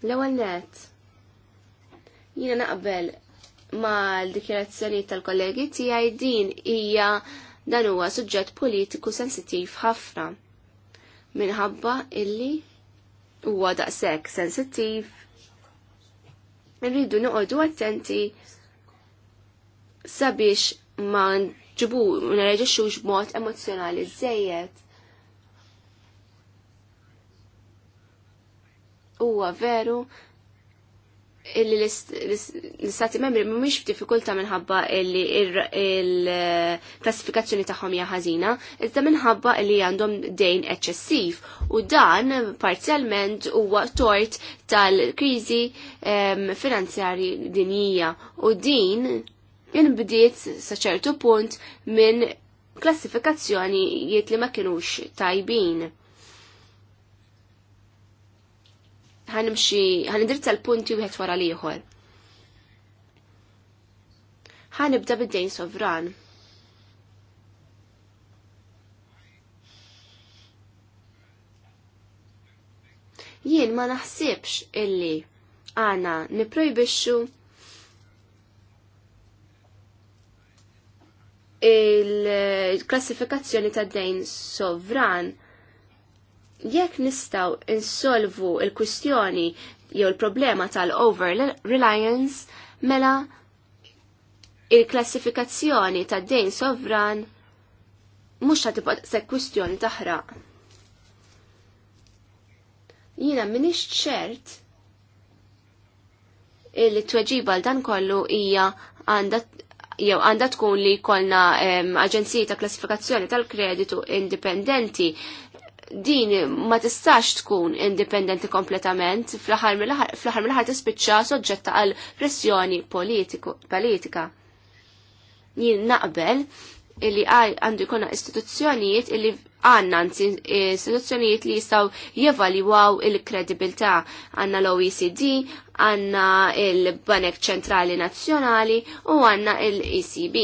L-ewwel net. Jiena naqbel ma l-dikjerazzjoni tal-kollegi tiegħi din hija dan huwa suġġett politiku sensittiv ħafna. Minħabba illi huwa daqshekk sensittiv, irridu noqogħdu attenti sabiex ma ġibu nreġixxux b'mod emozjonali żejjed. Huwa veru illi l-istati membri mhumiex f'diffikulta minħabba illi il-klassifikazzjoni tagħhom hija ħażina, iżda minħabba illi għandhom dejn eċċessiv u dan parzjalment huwa tort tal-kriżi ehm, finanzjari dinjija u din inbdiet sa ċertu punt minn klassifikazzjonijiet li ma kinux tajbin ħanimxi ħanindirizza l-punti wieħed wara l-ieħor. Ħanibda bid-dejn sovran. Jien ma naħsibx illi għana niprojbixxu il-klassifikazzjoni ta' dejn sovran jekk nistaw insolvu il-kwistjoni jew il-problema tal-over reliance mela il-klassifikazzjoni ta' dejn sovran mhux ta' tibqa' se kwistjoni taħraq. Jiena minix ċert il-tweġiba dan kollu hija għandha jew għandha tkun li jkollna ehm, aġenziji ta' klassifikazzjoni tal-kreditu indipendenti din ma tistax tkun indipendenti kompletament fl-aħħar mill ħar tispiċċa soġġetta għal pressjoni politika. Jien naqbel illi għandu jkun istituzzjonijiet illi għanna istituzzjonijiet li jistaw jevalwaw il-kredibilità għanna l-OECD, għanna il-Banek Ċentrali Nazzjonali u għanna il-ECB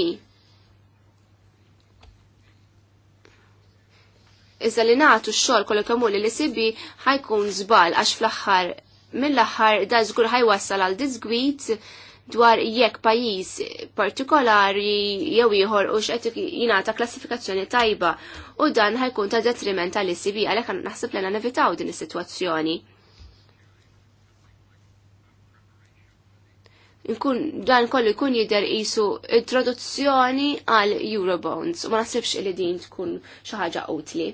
Iżda li nagħtu x-xogħol kollu kamu li sibi ħajkun zbal għax fl-aħħar mill-aħħar da żgur ħajwassal għal disgwit dwar jekk pajjiż partikolari jew ieħor u x'qed jingħata klassifikazzjoni tajba u dan ħajkun ta' detriment tal-ICB għalhekk naħseb li nevitaw din is-sitwazzjoni. Nkun dan kollu jkun jidher qisu introduzzjoni għal Eurobonds u ma naħsibx li din tkun xi ħaġa utli.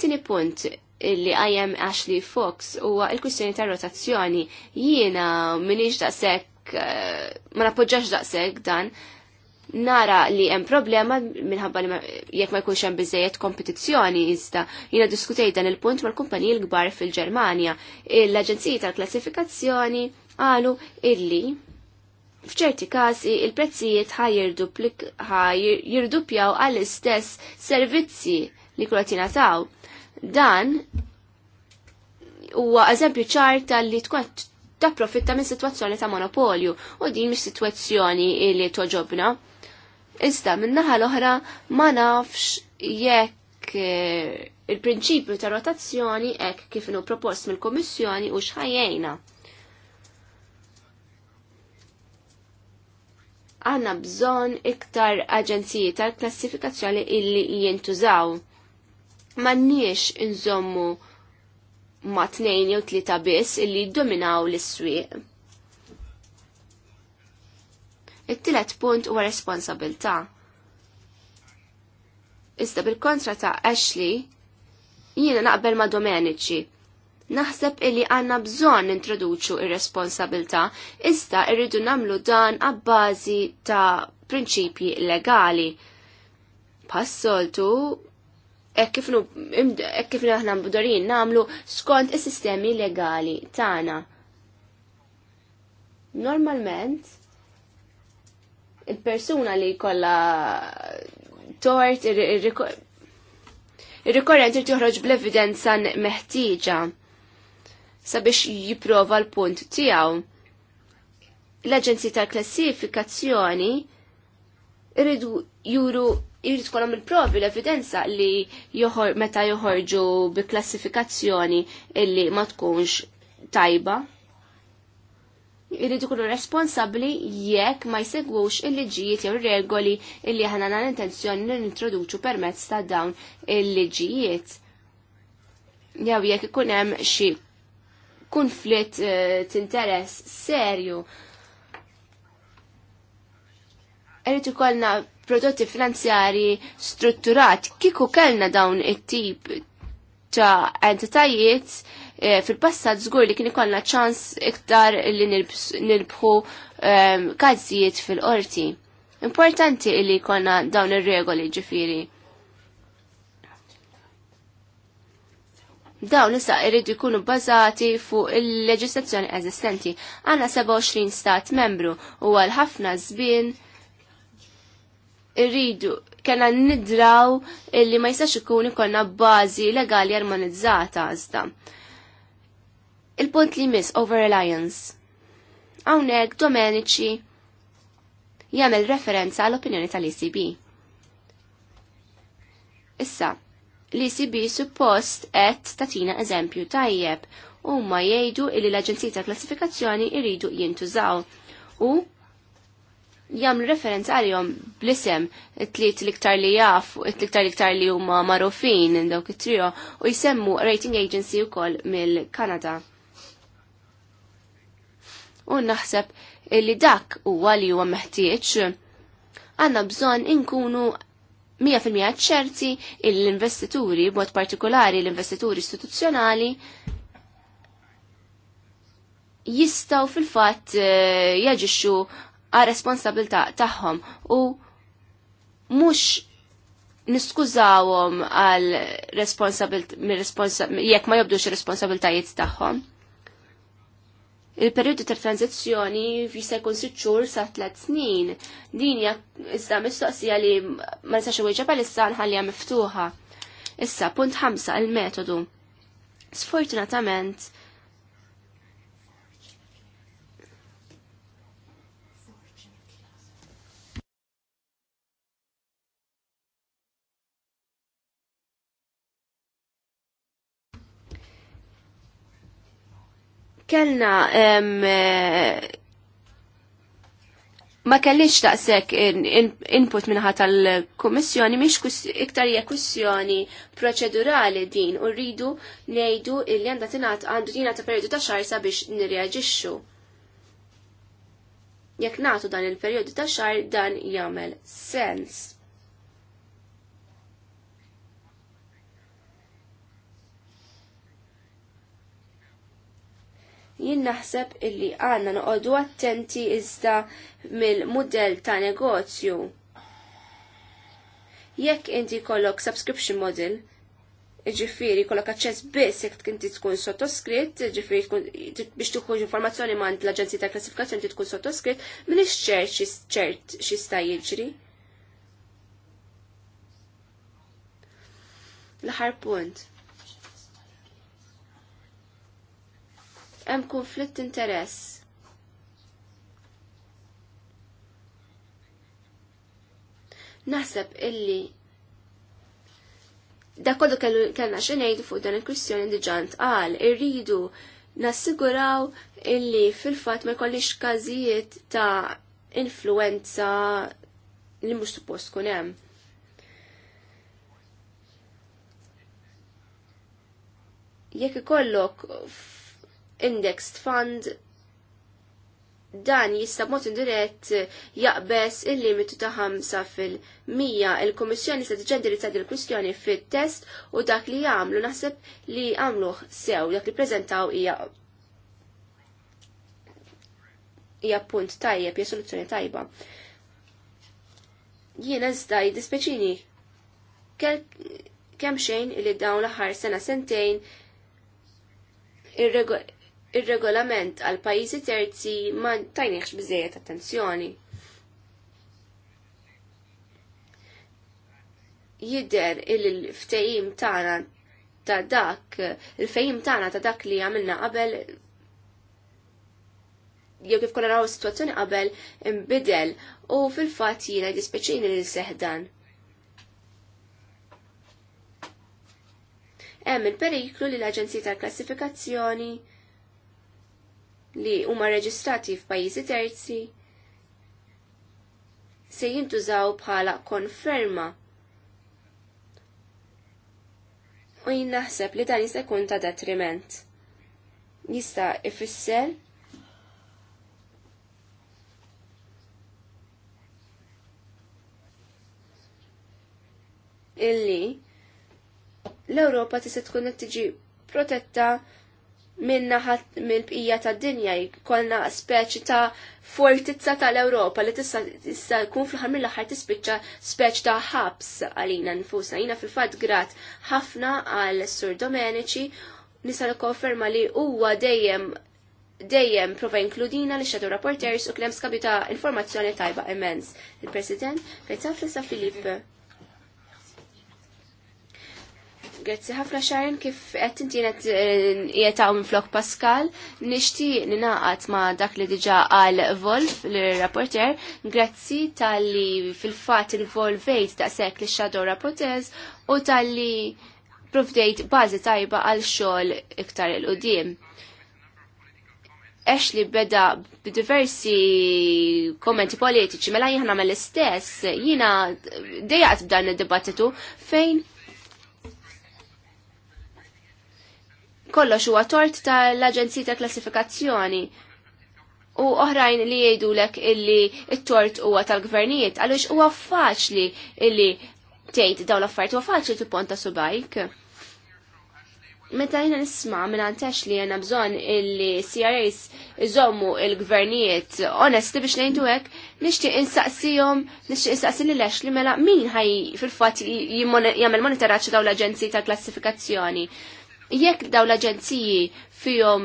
Tieni punt li għajem Ashley Fox huwa il-kwistjoni ta' rotazzjoni jiena minix daqshekk eh, ma napoġġax daqshekk dan nara li hemm problema minħabba li jekk ma jkunx hemm biżejjed kompetizzjoni iżda jiena diskutej dan il-punt mal-kumpaniji l-kbar fil-Ġermanja. L-Aġenziji tal-Klassifikazzjoni qalu illi fċerti każi il-prezzijiet jirdupjaw għall-istess servizzi li kuratina taw. Dan huwa eżempju ċar tal-li tkun tapprofitta minn sitwazzjoni ta' monopolju u din mhix sitwazzjoni li toġobna. Iżda min-naħa l-oħra ma nafx jekk eh, il-prinċipju ta' rotazzjoni hekk kif inhu propost mill-Kummissjoni u xħajjejna. għanna bżon iktar aġenziji tal-klassifikazzjoni illi jintużaw. Mannix inżommu ma tnejn jew tlieta biss illi dominaw l-iswieq. It-tielet punt huwa responsabilta. Iżda bil-kontra ta' Ashley, jiena naqbel ma' domeniċi. Naħseb illi għanna bżon introduċu ir-responsabilta, iżda irridu namlu dan għabbażi ta' prinċipji legali. Passoltu, ek kif naħna mbudorin namlu skont is-sistemi legali tagħna. Normalment, il-persuna li kolla tort, il-rikorrenti il il il toħroġ bl-evidenza meħtieġa sabiex jiprova l-punt tiegħu. L-Aġenzi tal-Klassifikazzjoni irridu juru jrid kolom il-provi l-evidenza li johor, meta joħorġu bi klassifikazzjoni illi ma tkunx tajba. Irridu kunu responsabli jekk ma jsegwux il-liġijiet jew regoli illi ħana l-intenzjoni li nintroduċu permezz ta' dawn il-liġijiet. Jew jekk ikun hemm xi konflitt eh, interess serju. Eritu ikollna prodotti finanzjari strutturat. Kiku kellna dawn it-tip ta' entitajiet eh, fil-passat żgur li kien ikollna ċans iktar li nilbħu ehm, każijiet fil-qorti. Importanti li jkollna dawn ir-regoli ġifiri. dawn issa irridu jkunu bbażati fuq il-leġislazzjoni eżistenti. Għanna 27 stat membru u għal ħafna zbin irridu kena nidraw illi ma jistax ikun ikonna bażi legali armonizzata għazda. Il-punt li miss over reliance. Hawnhekk domeniċi jagħmel referenza għall opinjoni tal-ECB. Issa, li sibi suppost et tatina eżempju tajjeb huma jgħidu li l-Aġenzija ta' Klassifikazzjoni jridu jintużaw u jagħmlu referenza għalihom bl-isem it-tliet l-iktar li jaf u it-liktar liktar iktar li huma magħrufin dawk it-trio u jsemmu rating agency wkoll mill-Kanada. U naħseb li dak huwa li huwa meħtieġ għandna bżonn inkunu 100% ċerti l-investituri, b'mod partikolari l-investituri istituzzjonali, jistaw fil-fat eh, jaġixxu għal responsabilta tagħhom u mhux niskużawhom għal responsabilta jekk ma jobdux responsabiltajiet tagħhom il-periodu ta' tranzizjoni jista' jkun sitt xhur sa' tliet snin. Din hija iżda mistoqsija li ma nistax iwieġeb issa nħallija miftuħa. Issa, punt ħamsa il-metodu. Sfortunatament, kellna eh, ma kellix taqsek input minnaħa tal-Kommissjoni, miex iktar hija kwissjoni proċedurali din u rridu ngħidu għanda għandha tingħat għandu ta' perjodu ta' xahar sabiex nirreaġixxu. Jekk nagħtu dan il-perjodu ta' xahar dan jagħmel sens. jien naħseb illi għanna noqogħdu attenti iżda mill-mudell ta' negozju. Jekk inti kollok subscription model, ġifiri kollok aċċess biss jekk inti tkun sottoskritt, ġifiri biex tuħuġ informazzjoni mand l-Aġenzija ta' Klassifikazzjoni inti tkun sottoskritt, minix ċert ċert xista jiġri. L-ħar punt. hemm konflitt interess. Naħseb illi da kollu kellna ngħidu fuq dan il-kwistjoni diġant qal irridu nassiguraw illi fil fatt ma jkollix każijiet ta' influenza li mhux suppost kun hemm. Jekk ikollok indexed fund dan jista' mod indirett jaqbes il-limitu ta' 5 fil-mija. Il-Kummissjoni se tiġġa tsaddi il-kwistjoni fit-test u dak li jagħmlu naħseb li għamluh sew dak li preżentaw hija hija punt tajjeb, hija soluzzjoni tajba. Jiena iżda jiddispeċini kemm xejn li dawn l-aħħar sena sentejn ir-regolament għal pajjiżi terzi ma tajniex biżejjed attenzjoni. Jidher il-ftehim tagħna ta' dak, il-fejim tagħna ta' dak li għamilna qabel jew kif kollha naraw is-sitwazzjoni qabel imbidel u fil-fatt jiena jispeċini lil seħdan. Hemm il-periklu li l-Aġenzija tal-Klassifikazzjoni li huma reġistrati f'pajjiżi terzi se jintużaw bħala konferma. U jien naħseb li dan jista' jkun ta' detriment. Jista' ifisser illi l-Ewropa tista' tkun qed tiġi protetta minna mill-bqija ta' dinja jkollna speċi ta' fortizza tal-Ewropa li tista' tista' kun fl-ħar mill-aħħar tispiċċa speċi ta' ħabs għalina nfusna. Jina fil-fatt grat ħafna għal Sur Domenici nisa konferma li huwa dejjem dejjem prova inkludina li xadu rapporters u klem skabita informazzjoni tajba immens. Il-President, Petra Flessa Filippe. Grazzi ħafna xarin kif qed inti qed eh, minn flok Pascal, nixtieq ninaqat ma' dak li diġà għal Volf l-rapporter, grazzi tal-li fil-fatt involvejt daqshekk li xadow rapportez u tal-li provdejt bażi tajba għal xogħol iktar il-qudiem. li beda b'diversi kommenti politiċi, mela jien nagħmel l-istess, jiena dejaqt b'dan id-dibattitu fejn kollox huwa tort tal-Aġenzija ta' Klassifikazzjoni u oħrajn li jgħidulek illi t-tort huwa tal-gvernijiet għaliex huwa faċli illi tgħid dawn l-affarijiet huwa faċli tipponta subajk. Meta jiena nisma' minn li jiena bżonn illi CRAs iżommu il-gvernijiet onesti biex ngħidu hekk nixtieq insaqsihom, nixtieq insaqsi li lex li mela min ħaj fil-fatt jagħmel monitoraġġ dawn l-aġenziji tal-klassifikazzjoni jekk daw l-aġenziji fihom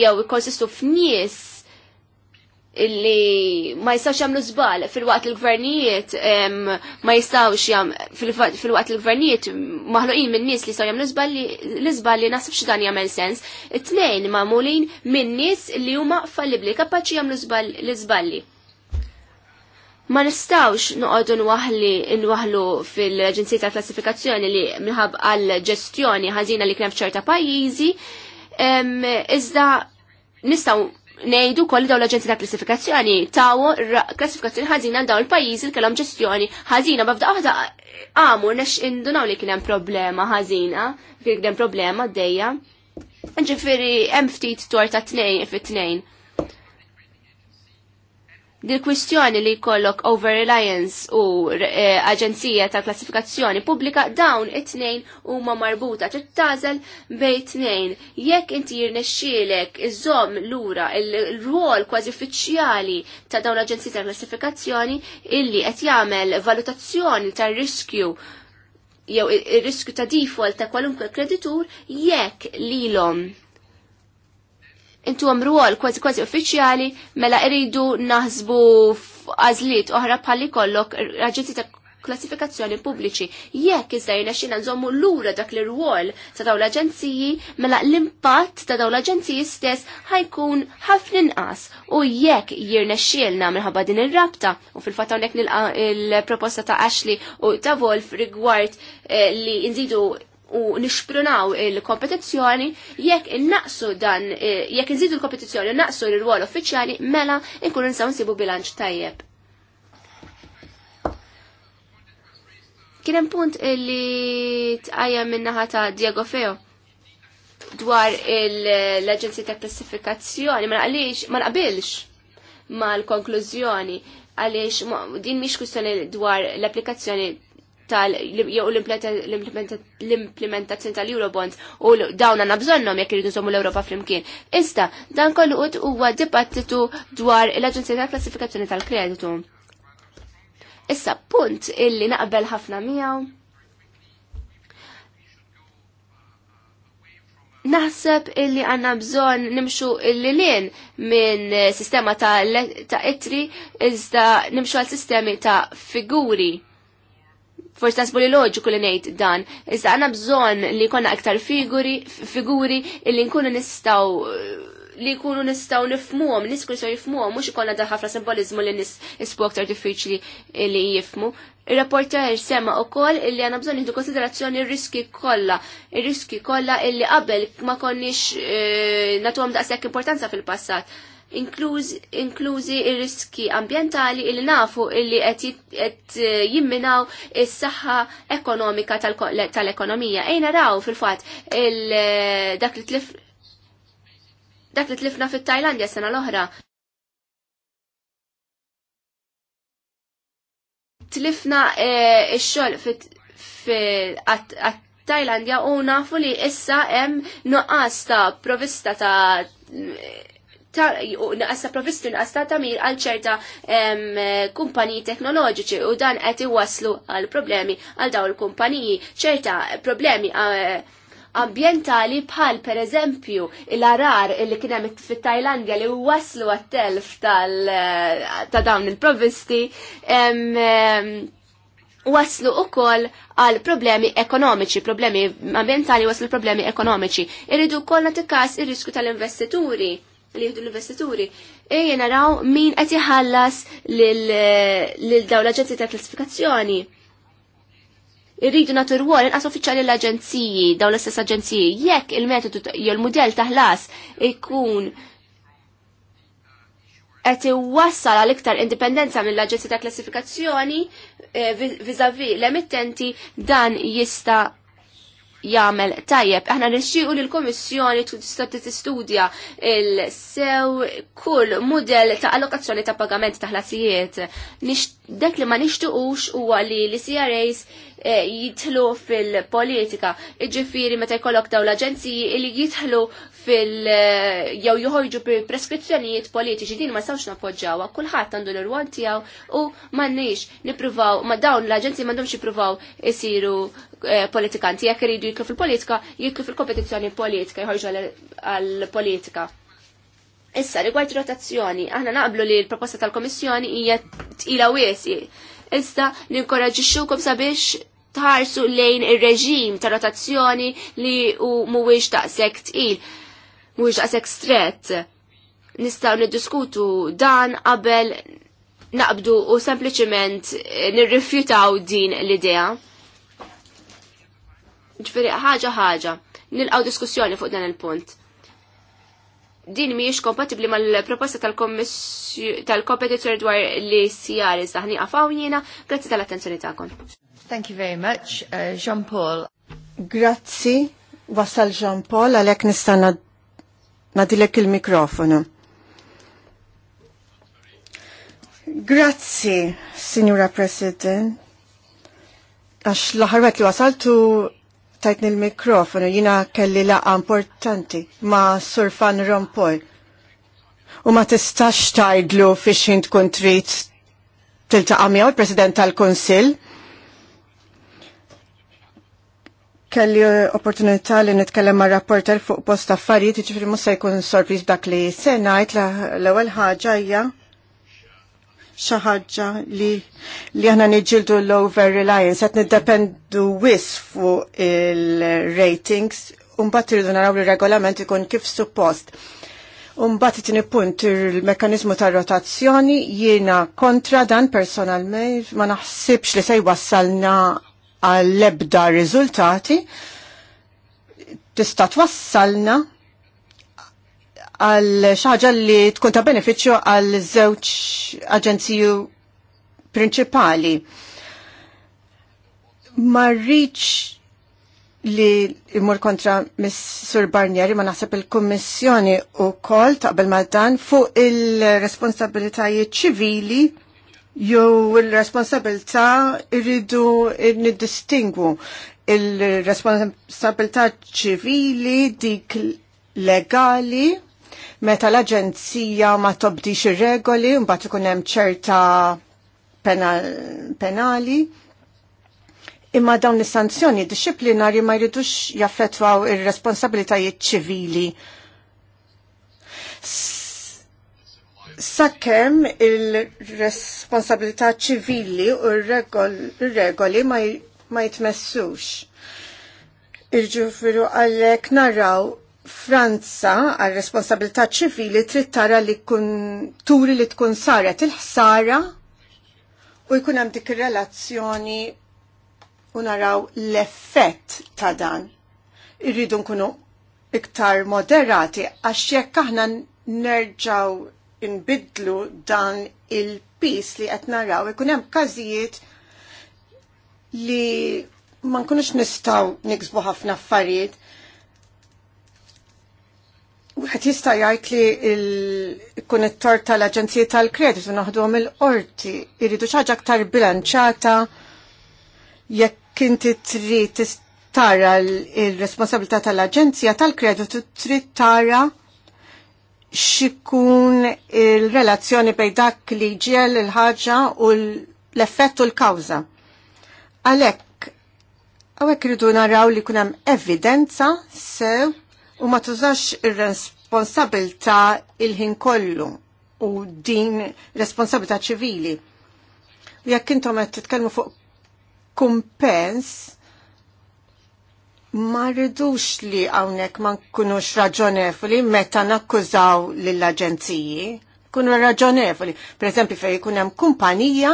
jew ikonsistu f'nies illi ma jistawx jamlu zbal fil-waqt il-gvernijiet ma jistawx jam fil-waqt il-gvernijiet maħluqin minn nies li jistgħu jagħmlu zbal l zbal li naħseb x'dan jagħmel sens. It-tnejn magħmulin minn nies li huma fallibli kapaċi jagħmlu żbal l-iżballi. Ma nistawx noqogħdu nwaħli nwaħlu fil-Aġenzija tal Klassifikazzjoni li minħab għal ġestjoni ħażina li kien f'ċerta pajjiżi, iżda nistgħu nejdu kolli daw l-Aġenzi ta' klassifikazzjoni taw klassifikazzjoni ħażina daw il-pajjiżi li kellhom ġestjoni ħażina b'fda waħda għamu nex indunaw li kien hemm problema ħażina, kien hemm problema dejja. Ġifieri hemm ftit torta tnejn fit-tnejn. Dil-kwistjoni li jkollok over reliance u eh, aġenzija ta' klassifikazzjoni pubblika dawn it-tnejn huma marbuta t-tazel bej bejn tnejn. Jekk inti jirnexxielek iżomm lura il-rwol kważi uffiċjali ta' dawn l-aġenzija ta' klassifikazzjoni illi qed jagħmel valutazzjoni tar-riskju jew ir-riskju ta' default ta' kwalunkwe kreditur jekk lilhom intu għamru għal kważi kważi uffiċjali mela iridu naħsbu għazliet oħra bħalli kollok raġenzi ta' klassifikazzjoni pubbliċi. Jekk iżdajna xina nżommu l-ura dak li rwol ta' daw l-aġenziji, mela l-impatt ta' daw l-aġenziji stess ħajkun ħafna inqas u jekk jirna xielna minħabba din ir-rabta u fil-fatt hawnhekk il-proposta ta' Ashley u ta' Wolf rigward eh, li nżidu u nixprunaw il-kompetizzjoni jekk innaqsu dan eh, jekk inżidu l-kompetizzjoni naqsu l-rwol uffiċjali mela nkunu nsaw nsibu bilanċ tajjeb. Kien hemm punt li tqajjem min-naħa ta' Diego Feo dwar l-Aġenzija ta' Klassifikazzjoni ma naqbilx ma naqbilx mal-konklużjoni għaliex din mhix kwistjoni dwar l-applikazzjoni l implementazzjoni tal-Eurobonds u dawn għandna bżonnhom jekk iridu nżommu l-Ewropa flimkien. Issa, dan kollu qud huwa dibattitu dwar l-Aġenzija tal-Klassifikazzjoni tal-Kreditu. Issa, punt illi naqbel ħafna miegħu. Naħseb illi għanna bżon nimxu il-lin minn sistema ta', itri iżda nimxu għal sistemi ta' figuri. For nasbu li loġiku li ngħid dan, iżda għandna bżonn li jkollna aktar figuri, figuri li nkunu nistgħu li jkunu nistgħu nifmuhom, nies kun jistgħu jifmuhom, mhux ikollna da ħafna simbolizmu li nis isbu aktar diffiċli li jifmu. Ir-rapporter sema wkoll illi għandna bżonn nieħdu konsiderazzjoni r-riski kollha, ir-riski kollha illi qabel ma konniex eh, nagħtuhom daqshekk importanza fil-passat inklużi il riski ambientali il nafu illi qed eh, jimminaw is-saħħa ekonomika tal-ekonomija. Ejna raw fil-fatt eh, dak li tlifna fit-Tajlandja sena l-oħra. Tlifna eh, x-xogħol fil-Tajlandja u nafu li issa hemm nuqqas ta' provista ta' naqas ta' provvistu tamir għal ċerta kumpaniji teknoloġiċi u dan qed waslu għal problemi għal daw il-kumpaniji ċerta problemi ambientali bħal per eżempju l-arar il-li kienem fit-Tajlandja li waslu għat-telf ta' dawn il-provvisti waslu u koll għal problemi ekonomiċi, problemi ambientali waslu problemi ekonomiċi. Irridu koll natikas ir-risku tal-investituri li jihdu l-investituri. Ejja naraw min qed iħallas lil dawn l-aġenzji ta' klassifikazzjoni. Irridu natu rwol inqas uffiċjali l-aġenziji, dawn l-istess aġenziji, jekk il-metodu jew il-mudell ta' ħlas ikun qed iwassal għal iktar indipendenza mill-aġenzji ta' klassifikazzjoni eh, viżavi l-emittenti dan jista' jagħmel tajjeb. Aħna nixtiequ li l-Kummissjoni tista' tistudja il-sew kull mudell ta' allokazzjoni ta' pagament ta' ħlasijiet. Dak li ma nixtiequx huwa li l-CRAs Eh, jitħlu fil-politika. Iġifiri meta jkollok daw l-aġenziji li jitħlu fil- eh, jew joħorġu preskrizzjonijiet politiċi din ma sawx napoġġawha, kulħadd għandu l-irwan tiegħu u m'għandniex nippruvaw ma dawn l-aġenziji m'għandhomx jippruvaw isiru eh, politikanti jekk iridu jitlu fil-politika, jitlu fil-kompetizzjoni politika, jħorġu għall-politika. Issa, rigward rotazzjoni, aħna naqblu li l-proposta tal-Komissjoni hija tqila wiesi. Issa, ninkoraġixxukom sabiex tħarsu lejn ir-reġim ta' rotazzjoni li u mhuwiex il, muwix ta' sekt strett. Nistgħu niddiskutu dan qabel naqbdu u sempliċement nirrifjutaw din l-idea. Ġifieri ħaġa ħaġa, nilqgħu diskussjoni fuq dan il-punt. Din mhijiex kompatibbli mal-proposta tal kompetitor dwar li sijar iżda għafaw fawjina, grazzi tal-attenzjoni tagħkom. Thank you very much, uh, Jean-Paul. Grazzi, wasal Jean-Paul, għalek nista nadilek il-mikrofonu. Grazzi, Signora President. Għax laħarwet li wasaltu tajtni l-mikrofonu, jina kelli laqa importanti ma Surfan Rompoj. U ma tistax tajdlu fiex jint kontrit tiltaqa miegħu il-President tal-Konsil kelli opportunità li nitkellem ma' rapporter fuq post affarijiet, ġifri mus se jkun sorpriż dak li se ngħid l-ewwel ħaġa hija xi ħaġa li li aħna niġġieldu l-over reliance qed niddependu wis fuq il-ratings u mbagħad irridu naraw li regolament ikun kif suppost. Umbat it punt il-mekanizmu ta' rotazzjoni jiena kontra dan personalment ma naħsibx li se jwassalna għall-ebda riżultati tista' twassalna għal xaġa li tkun ta' beneficju għal żewġ aġenziju prinċipali. Marriċ li imur kontra Missur Barnieri ma naħseb il-Kommissjoni u kol taqbel bel dan fuq il-responsabilitajiet ċivili jew il-responsabilità irridu niddistingwu il-responsabilità ċivili dik legali meta l-aġenzija ma tobdix ir-regoli mbagħad ikun hemm ċerta penali imma dawn is-sanzjoni disciplinari ma jridux jaffettwaw ir-responsabilitajiet ċivili Sakkem il-responsabilità ċivili u r-regoli ma jitmessux. Irġufru għallek naraw Franza għal responsabilità ċivili trid tara li kun turi li tkun saret il-ħsara u jkun hemm dik ir-relazzjoni u naraw l-effett ta' dan. Irridu nkunu iktar moderati għax jekk aħna nerġaw inbidlu dan il-pis li qed naraw ikun hemm każijiet li ma nkunux nistgħu niksbu ħafna affarijiet. Wieħed jista' jgħid li jkun it tor tal-Aġenzija tal-Kredit u naħduhom il-qorti jridu xi ħaġa aktar bilanċata jekk inti trid tara l-responsabilità tal-Aġenzija tal-Kreditu trid tara xikun il-relazzjoni bej dak li ġiel il-ħagġa u l-effett u l-kawza. Għalek, għawek rridu naraw li kunem evidenza sew u ma tużax il-responsabilta il-ħin kollu u din responsabilta ċivili. U jekk intom qed titkellmu fuq kumpens, ma rridux li hawnhekk ma nkunux raġonevoli meta nakkużaw lill-aġenziji. Kunu raġonevoli. Per eżempju fejn ikun hemm kumpanija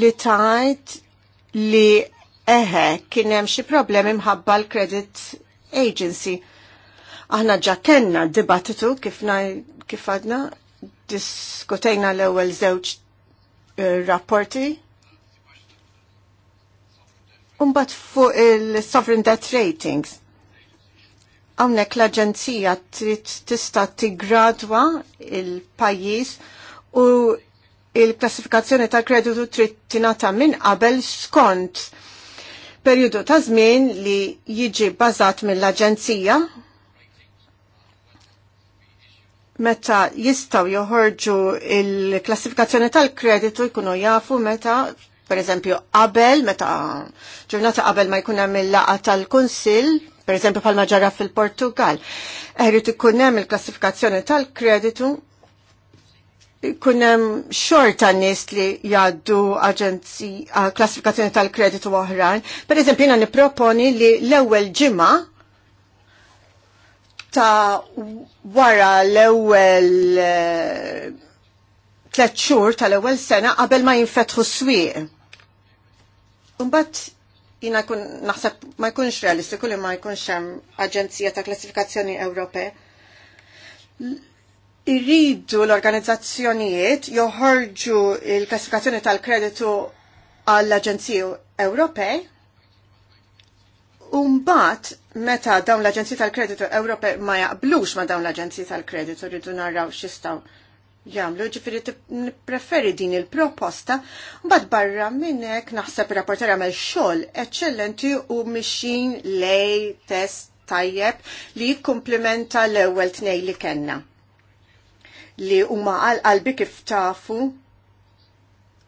li tajt li eħe kien hemm xi problemi mħabba l-credit agency. Aħna ġa kenna dibattitu kif kif għadna diskutejna l-ewwel żewġ eh, rapporti Umbat fuq il-sovereign debt ratings. Għamnek l-Aġenzija trid tista' tigradwa il-pajjiż u il-klassifikazzjoni ta' kreditu trid tingħata minn qabel skont perjodu ta' żmien li jiġi bażat mill-Aġenzija meta jistaw joħorġu il-klassifikazzjoni tal-kreditu jkunu jafu meta Per eżempju, qabel, meta ġurnata qabel ma jkun hemm il-laqa tal-Kunsill, per eżempju bħalma ġara fil-Portugal, irrid ikun hemm il-klassifikazzjoni tal-kreditu hemm xorta nies li jgħaddu aġenzi klassifikazzjoni tal-kreditu oħrajn. Per eżempju, jiena niproponi li l-ewwel ġimgħa ta' wara l-ewwel eh, tliet xhur tal-ewwel sena qabel ma jinfetħu swieq Umbat jina kun naħseb ma jkunx realistiku li ma jkunx hemm aġenzija ta' klassifikazzjoni Ewropej. Irridu l-organizzazzjonijiet joħorġu il-klassifikazzjoni tal-kreditu għall-Aġenziju Ewropej Umbat, meta dawn l aġenzija tal-Kreditu Ewropej ma jaqblux ma dawn l aġenzija tal-Kreditu rridu narraw xistaw jamlu, ġifiri preferi din il-proposta, bad barra minnek naħseb rapporter għamel xol eccellenti u mixin lej test tajjeb li komplementa l-ewel tnej li kenna. Li huma għal-qalbi kif tafu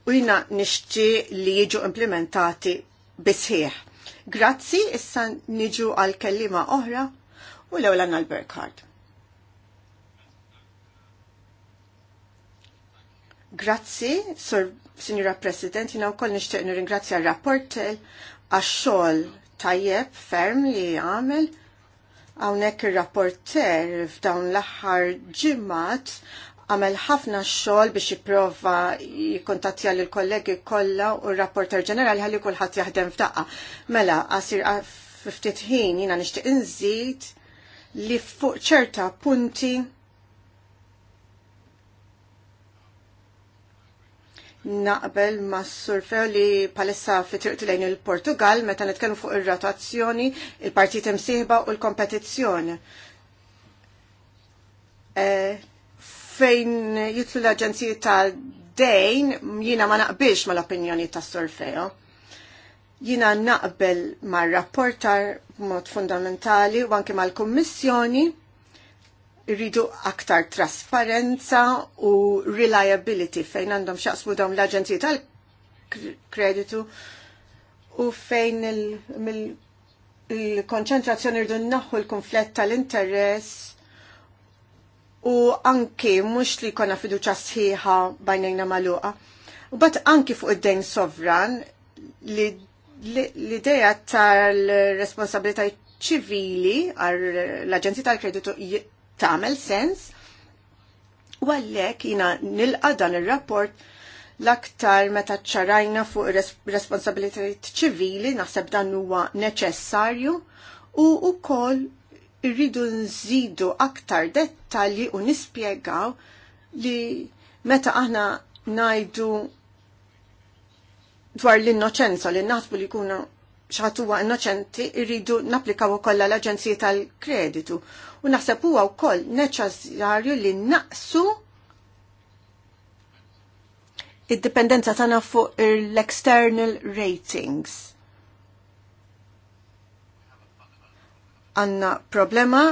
u jina nixti li jiġu implementati bisħieħ. Grazzi, issa niġu għal-kellima oħra u l-ewel għal burkhardt Grazzi, Sir Signora President, jina u koll nishtiq nir-ingrazzja rapport għax-xol tajjeb ferm li għamel għawnek il-rapporter f'dawn l-axħar ġimmat għamel ħafna xogħol biex jipprova jikkontattja l kollegi kollha u r-rapporter ġenerali ħalli kulħadd jaħdem f'daqqa. Mela, għasir ftit ħin jiena nixtieq nżid li fuq ċerta punti naqbel ma' surfew li palissa fitriq lejn il-Portugal meta nitkellmu fuq ir-rotazzjoni, il-partit imsieħba u l-kompetizzjoni. E, fejn jitlu l-Aġenziji tal-Dejn jiena ma naqbilx mal-opinjoni ta' surfew. Jiena naqbel mar-rapportar b'mod fundamentali u anke mal-Kummissjoni rridu aktar trasparenza u reliability fejn għandhom xaqsmu dawn l-Aġenzija tal-Kreditu u fejn il-konċentrazzjoni rridu naħu l-konflett tal-interess u anki mux li konna fiduċa sħiħa bajnejna maluqa. U bat anki fuq id-dejn sovran li l-ideja tal-responsabilità ċivili għal l-Aġenzija tal-Kreditu tagħmel sens u għallek jina nilqa dan ir-rapport l-aktar meta ċarajna fuq responsabilitajiet ċivili naħseb dan huwa neċessarju u wkoll irridu nżidu aktar dettalji u nispjegaw li meta aħna najdu dwar l-innoċenza li naħsbu li jkunu xatuwa innoċenti irridu naplikaw ukoll l aġenzija tal-Kreditu. U naħseb huwa wkoll neċessarju li naqsu id-dipendenza tagħna fuq l-external ratings. Għanna problema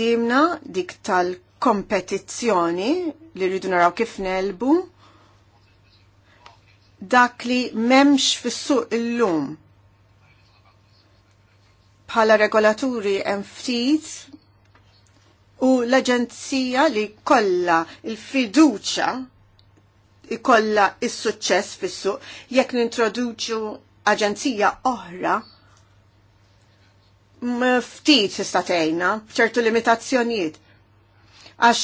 dimna dik tal-kompetizzjoni li rridu naraw kif nelbu dak li memx fis-suq illum bħala regolaturi hemm ftit u l-Aġenzija li kollha il-fiduċa ikolla is-suċċess fis-suq jekk nintroduċu aġenzija oħra ftit tista' tgħinna b'ċertu limitazzjonijiet. Għax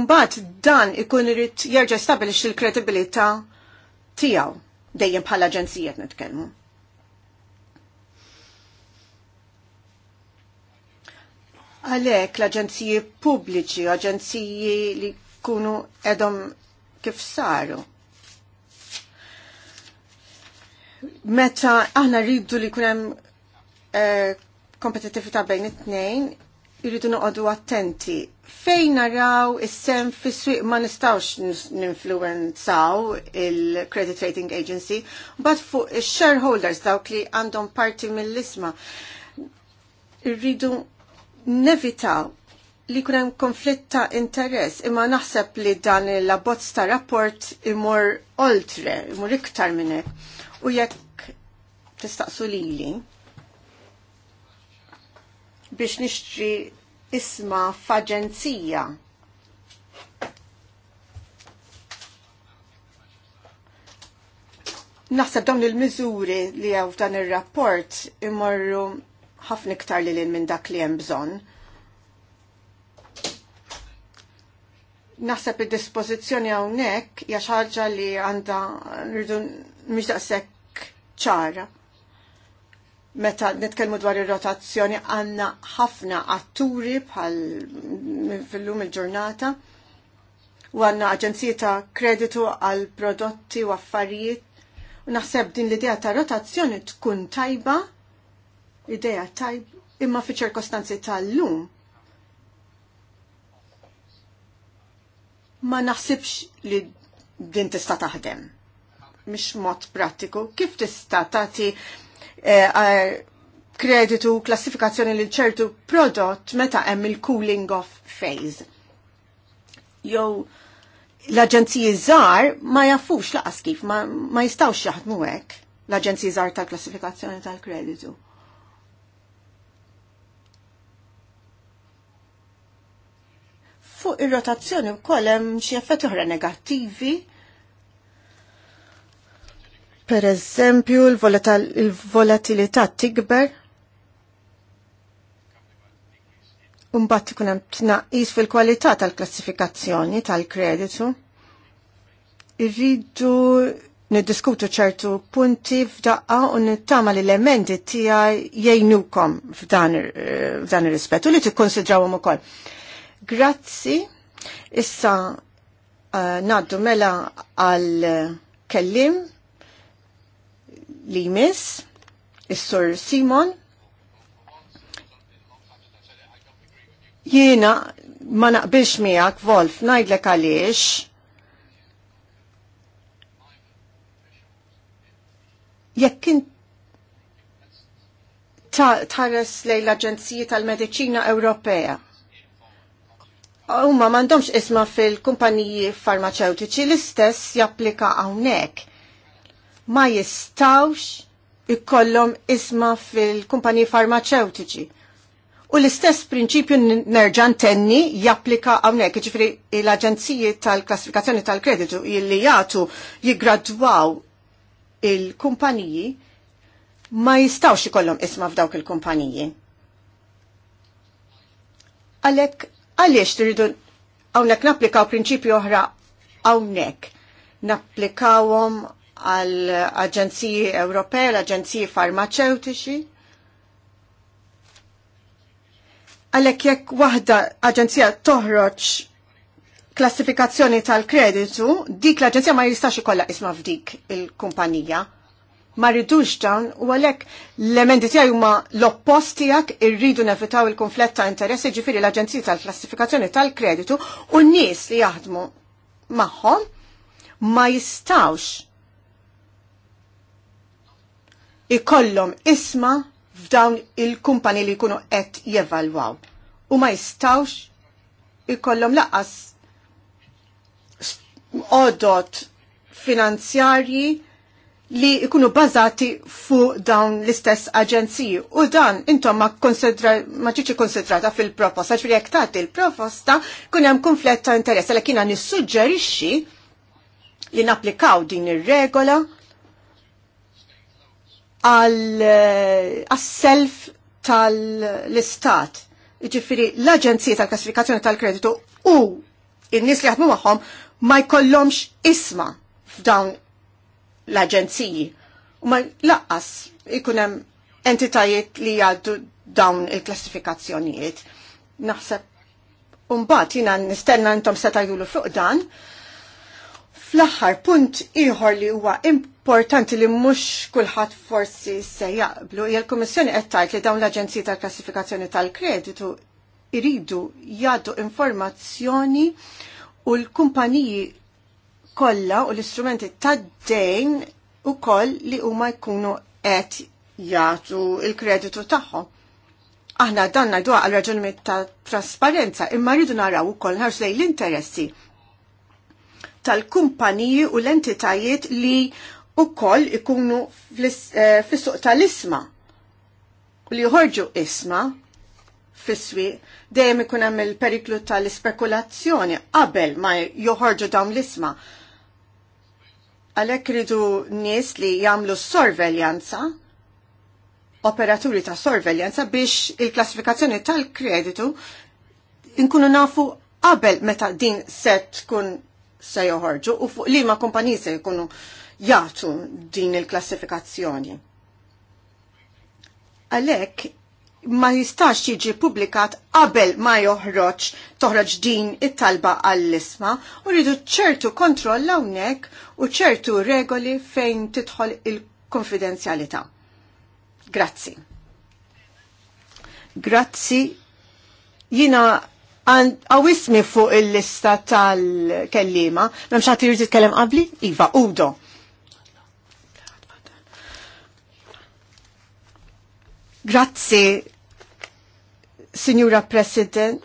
imbagħad dan ikun irid jerġa' jstabilix il-kredibilità tiegħu dejjem bħala aġenzijiet nitkellmu. Għalek l-aġenziji pubbliċi, aġenziji li kunu edhom kif saru. Meta aħna rridu li kunem eh, bejn it-tnejn, irridu noqogħdu attenti. Fejn naraw is-sem fis-swieq ma nistgħux ninfluwenzaw il-Credit Rating Agency, bad fuq ix-shareholders dawk li għandhom parti mill-isma. Irridu nevitaw li kunem hemm konflitt ta' interess imma naħseb li dan il-abbozz ta' rapport imur oltre, imur iktar minn hekk. U jekk tistaqsu lili biex nixtri isma f'aġenzija Naħseb dawn il-miżuri li għaw dan il-rapport imorru ħafna iktar li minn dak li hemm bżonn. Naħseb id-dispożizzjoni hawnhekk hija xi ħaġa li għandha rridu mhix daqshekk ċara. Meta nitkellmu dwar ir-rotazzjoni għandna ħafna atturi bħal fil-lum il-ġurnata u għanna aġenzija ta' kreditu għal prodotti u affarijiet. U naħseb din l-idea ta' rotazzjoni tkun tajba ideja tajb imma fi ċirkostanzi tal-lum ma naħsibx li din tista' taħdem. Mhix mod prattiku. Kif tista' tagħti eh, eh kreditu klassifikazzjoni li ċertu prodott meta hemm il-cooling off phase. Jew l-aġenziji żgħar ma jafux laqas kif ma, ma jistgħux jaħdmu hekk l-aġenziji żgħar tal-klassifikazzjoni tal-kreditu. Fuq ir-rotazzjoni wkoll hemm xi effetti oħra negattivi. Per eżempju, il-volatilità tikber. Umbat ikun hemm tnaqqis fil-kwalità tal-klassifikazzjoni tal-kreditu. Irridu niddiskutu ċertu punti f'daqqa u nittama l-elementi tijaj jgħinukom f'dan ir-rispett u li tikkonsidrawhom ukoll. Grazzi. Issa uh, naddu mela għal kellim li jmiss, is-sur Simon. Jiena ma naqbilx miegħek Wolf, ngħidlek għaliex. Jekk int tħares lejn l-Aġenziji tal-Mediċina Ewropea huma m'għandhomx isma fil-kumpaniji farmaceutiċi l-istess japplika hawnhekk. Ma jistawx ikollhom isma fil-kumpaniji farmaceutiċi. U l-istess prinċipju nerġan tenni japplika għawnek, ġifri l-Aġenziji tal-Klassifikazzjoni tal-Kreditu illi jgħatu jigradwaw il-kumpaniji ma jistawx ikollhom isma f'dawk il-kumpaniji. Għalek Għaliex tiridu hawnhekk napplikaw prinċipju oħra hawnhekk napplikawhom għal aġenziji Ewropej, l-aġenziji farmaceutiċi. Għalhekk jekk waħda aġenzija toħroġ klassifikazzjoni tal-kreditu, dik l-aġenzija ma jistax ikolla isma f'dik il-kumpanija ma rridux dawn u għalhekk l-emendi tiegħi huma l-oppost tiegħek irridu nevitaw il-konflett ta' interessi ġifiri l-Aġenzija tal-Klassifikazzjoni tal-Kreditu u n-nies li jaħdmu magħhom ma jistawx ikollhom isma f'dawn il-kumpani li jkunu qed jevalwaw u ma jistawx ikollhom laqas odot finanzjarji li ikunu bazati fuq dawn l-istess aġenziji. U dan intom ma, ma ċiċi konsidrata fil-proposta, ġviri jek tagħti l-proposta kun hemm konfletta ta' interess, għalhekk nissuġġerixxi li napplikaw din ir-regola għal-self eh, tal-istat. Ġifiri, l-Aġenzija tal-Klassifikazzjoni tal-Kreditu u in-nies li jaħdmu magħhom ma jkollhomx isma' f'dawn l-aġenziji. U ma laqqas ikunem entitajiet li jgħaddu dawn il-klassifikazzjonijiet. Naħseb umbat jina nistenna intom seta julu fuq dan. Fl-axħar punt iħor li huwa importanti li mhux kulħadd forsi se jaqblu jgħal l-Kummissjoni qed tgħid li dawn l-Aġenziji tal-Klassifikazzjoni tal-Kreditu iridu jgħaddu informazzjoni u l-kumpaniji Kolla u l-istrumenti tad-dejn ukoll li huma jkunu qed jagħtu il-kreditu tagħhom. Aħna dan ngħidu għal raġuni ta' trasparenza imma rridu naraw ukoll ħarsu lej l-interessi tal-kumpaniji u l-entitajiet li ukoll ikunu eh, fis-suq tal-isma u li jħorġu isma fis-swi dejjem ikun hemm il-periklu tal-ispekulazzjoni qabel ma joħorġu dawn l-isma' Għalhekk ridu nies li jagħmlu sorveljanza, operaturi ta' sorveljanza biex il-klassifikazzjoni tal-kreditu inkunu nafu qabel meta din se tkun se joħorġu u fuq liema kumpaniji se jkunu jagħtu din il-klassifikazzjoni. Għalhekk ma jistax jiġi publikat qabel ma joħroġ toħroġ din it-talba għall-isma u rridu ċertu kontroll hawnhekk u ċertu regoli fejn tidħol il-konfidenzjalità. Grazzi. Grazzi. Jina għawismi fuq il-lista tal-kellima, memx ħati jirġi t-kellem qabli? Iva, Udo. Grazzi, Signora President,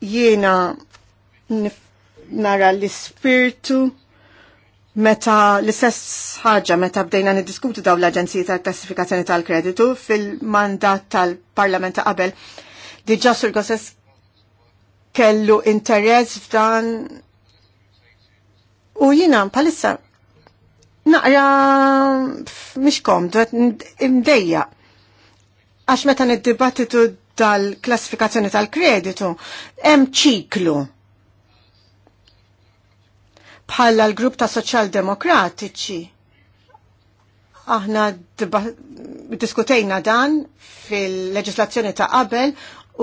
jiena nara l-spirtu meta l-istess ħaġa meta bdejna niddiskutu daw l aġenzija tal-Klassifikazzjoni tal-Kreditu fil-mandat tal-Parlament ta' qabel diġà sur Gosses kellu interess f'dan u jiena palissa naqra mhix komdu imdejja għax meta niddibattitu tal-klassifikazzjoni tal-kreditu, hemm ċiklu. Bħalla l-grupp ta' soċjaldemokratiċi. Aħna diskutejna dan fil-leġislazzjoni ta' qabel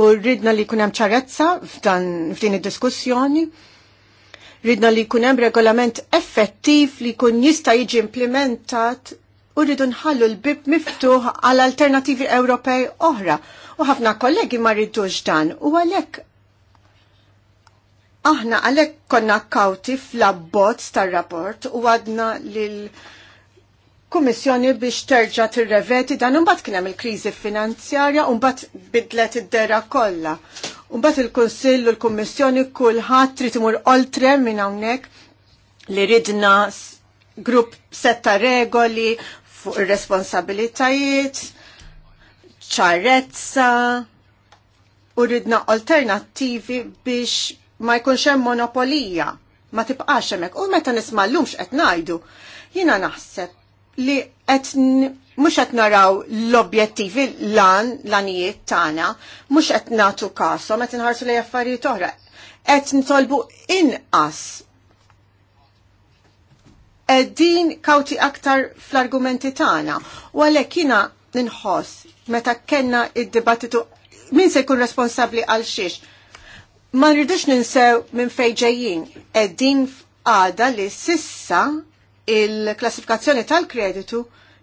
u rridna li kunem ċarezza f'din id-diskussjoni. Ridna li kunem regolament effettiv li kun jista' jiġi implementat u rridu nħallu l-bib miftuħ għal alternativi Ewropej oħra u ħafna kollegi ma rridux dan u għalhekk aħna għalhekk konna kawti fl-abbozz tar-rapport u għadna lil kummissjoni biex terġa' tirreveti dan imbagħad kien hemm il-kriżi finanzjarja u mbagħad bidlet id-dera kollha. Mbagħad il-Kunsill u l-Kummissjoni kulħadd trid imur oltre minn hawnhekk li ridna grupp setta regoli fuq ir-responsabilitajiet ċarrezza u ridna alternattivi biex ma jkunx hemm monopolija ma tibqax hemmhekk. U meta nisma' llum x'qed ngħidu, jiena naħseb li qed mhux qed naraw l-objettivi lan lanijiet tagħna, mhux qed nagħtu kasom qed inħarsu lejn affarijiet oħra. Qed nitolbu inqas din kawti aktar fl-argumenti tagħna. U għalhekk jiena ninħoss meta kena id-dibattitu min se jkun responsabli għal xiex. Ma rridux ninsew minn fejġejjin eddin għada li sissa il-klassifikazzjoni tal-kreditu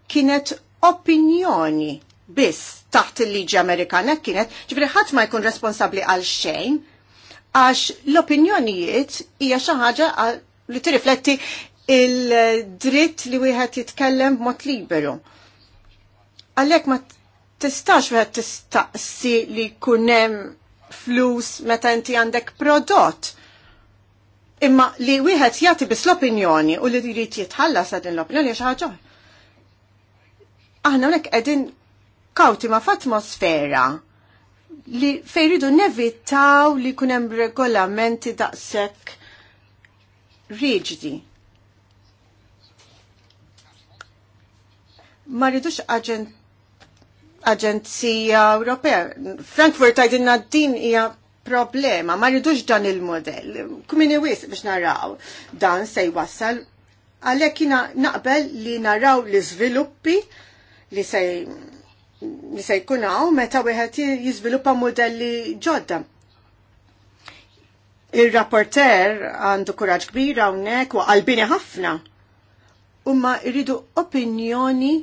kienet opinjoni biss taħt il-liġi Amerikana kienet ġifri ħadd ma jkun responsabli għal xejn għax l-opinjonijiet hija xi ħaġa li tirrifletti il-dritt li wieħed jitkellem b'mod liberu. Għalhekk ma tistax veħet tistaqsi li kunem flus meta inti għandek prodott. Imma li wieħed jagħti bis l-opinjoni u li jrid sa din l-opinjoni xi ħaġa. Aħna hekk qegħdin kawti ma' f'atmosfera li fejridu nevitaw li kunem regolamenti daqshekk riġdi. Ma rridux aġent aġenzija Ewropea. Frankfurt għajdinna din hija problema, ma rridux dan il-modell. Kumini wis biex naraw dan se jwassal għalhekk jiena naqbel li naraw li sviluppi li se li se jkun hawn meta wieħed jiżviluppa modelli ġodda. Il-rapporter għandu kuraġġ kbira hawnhekk u qalbini ħafna. Umma rridu opinjoni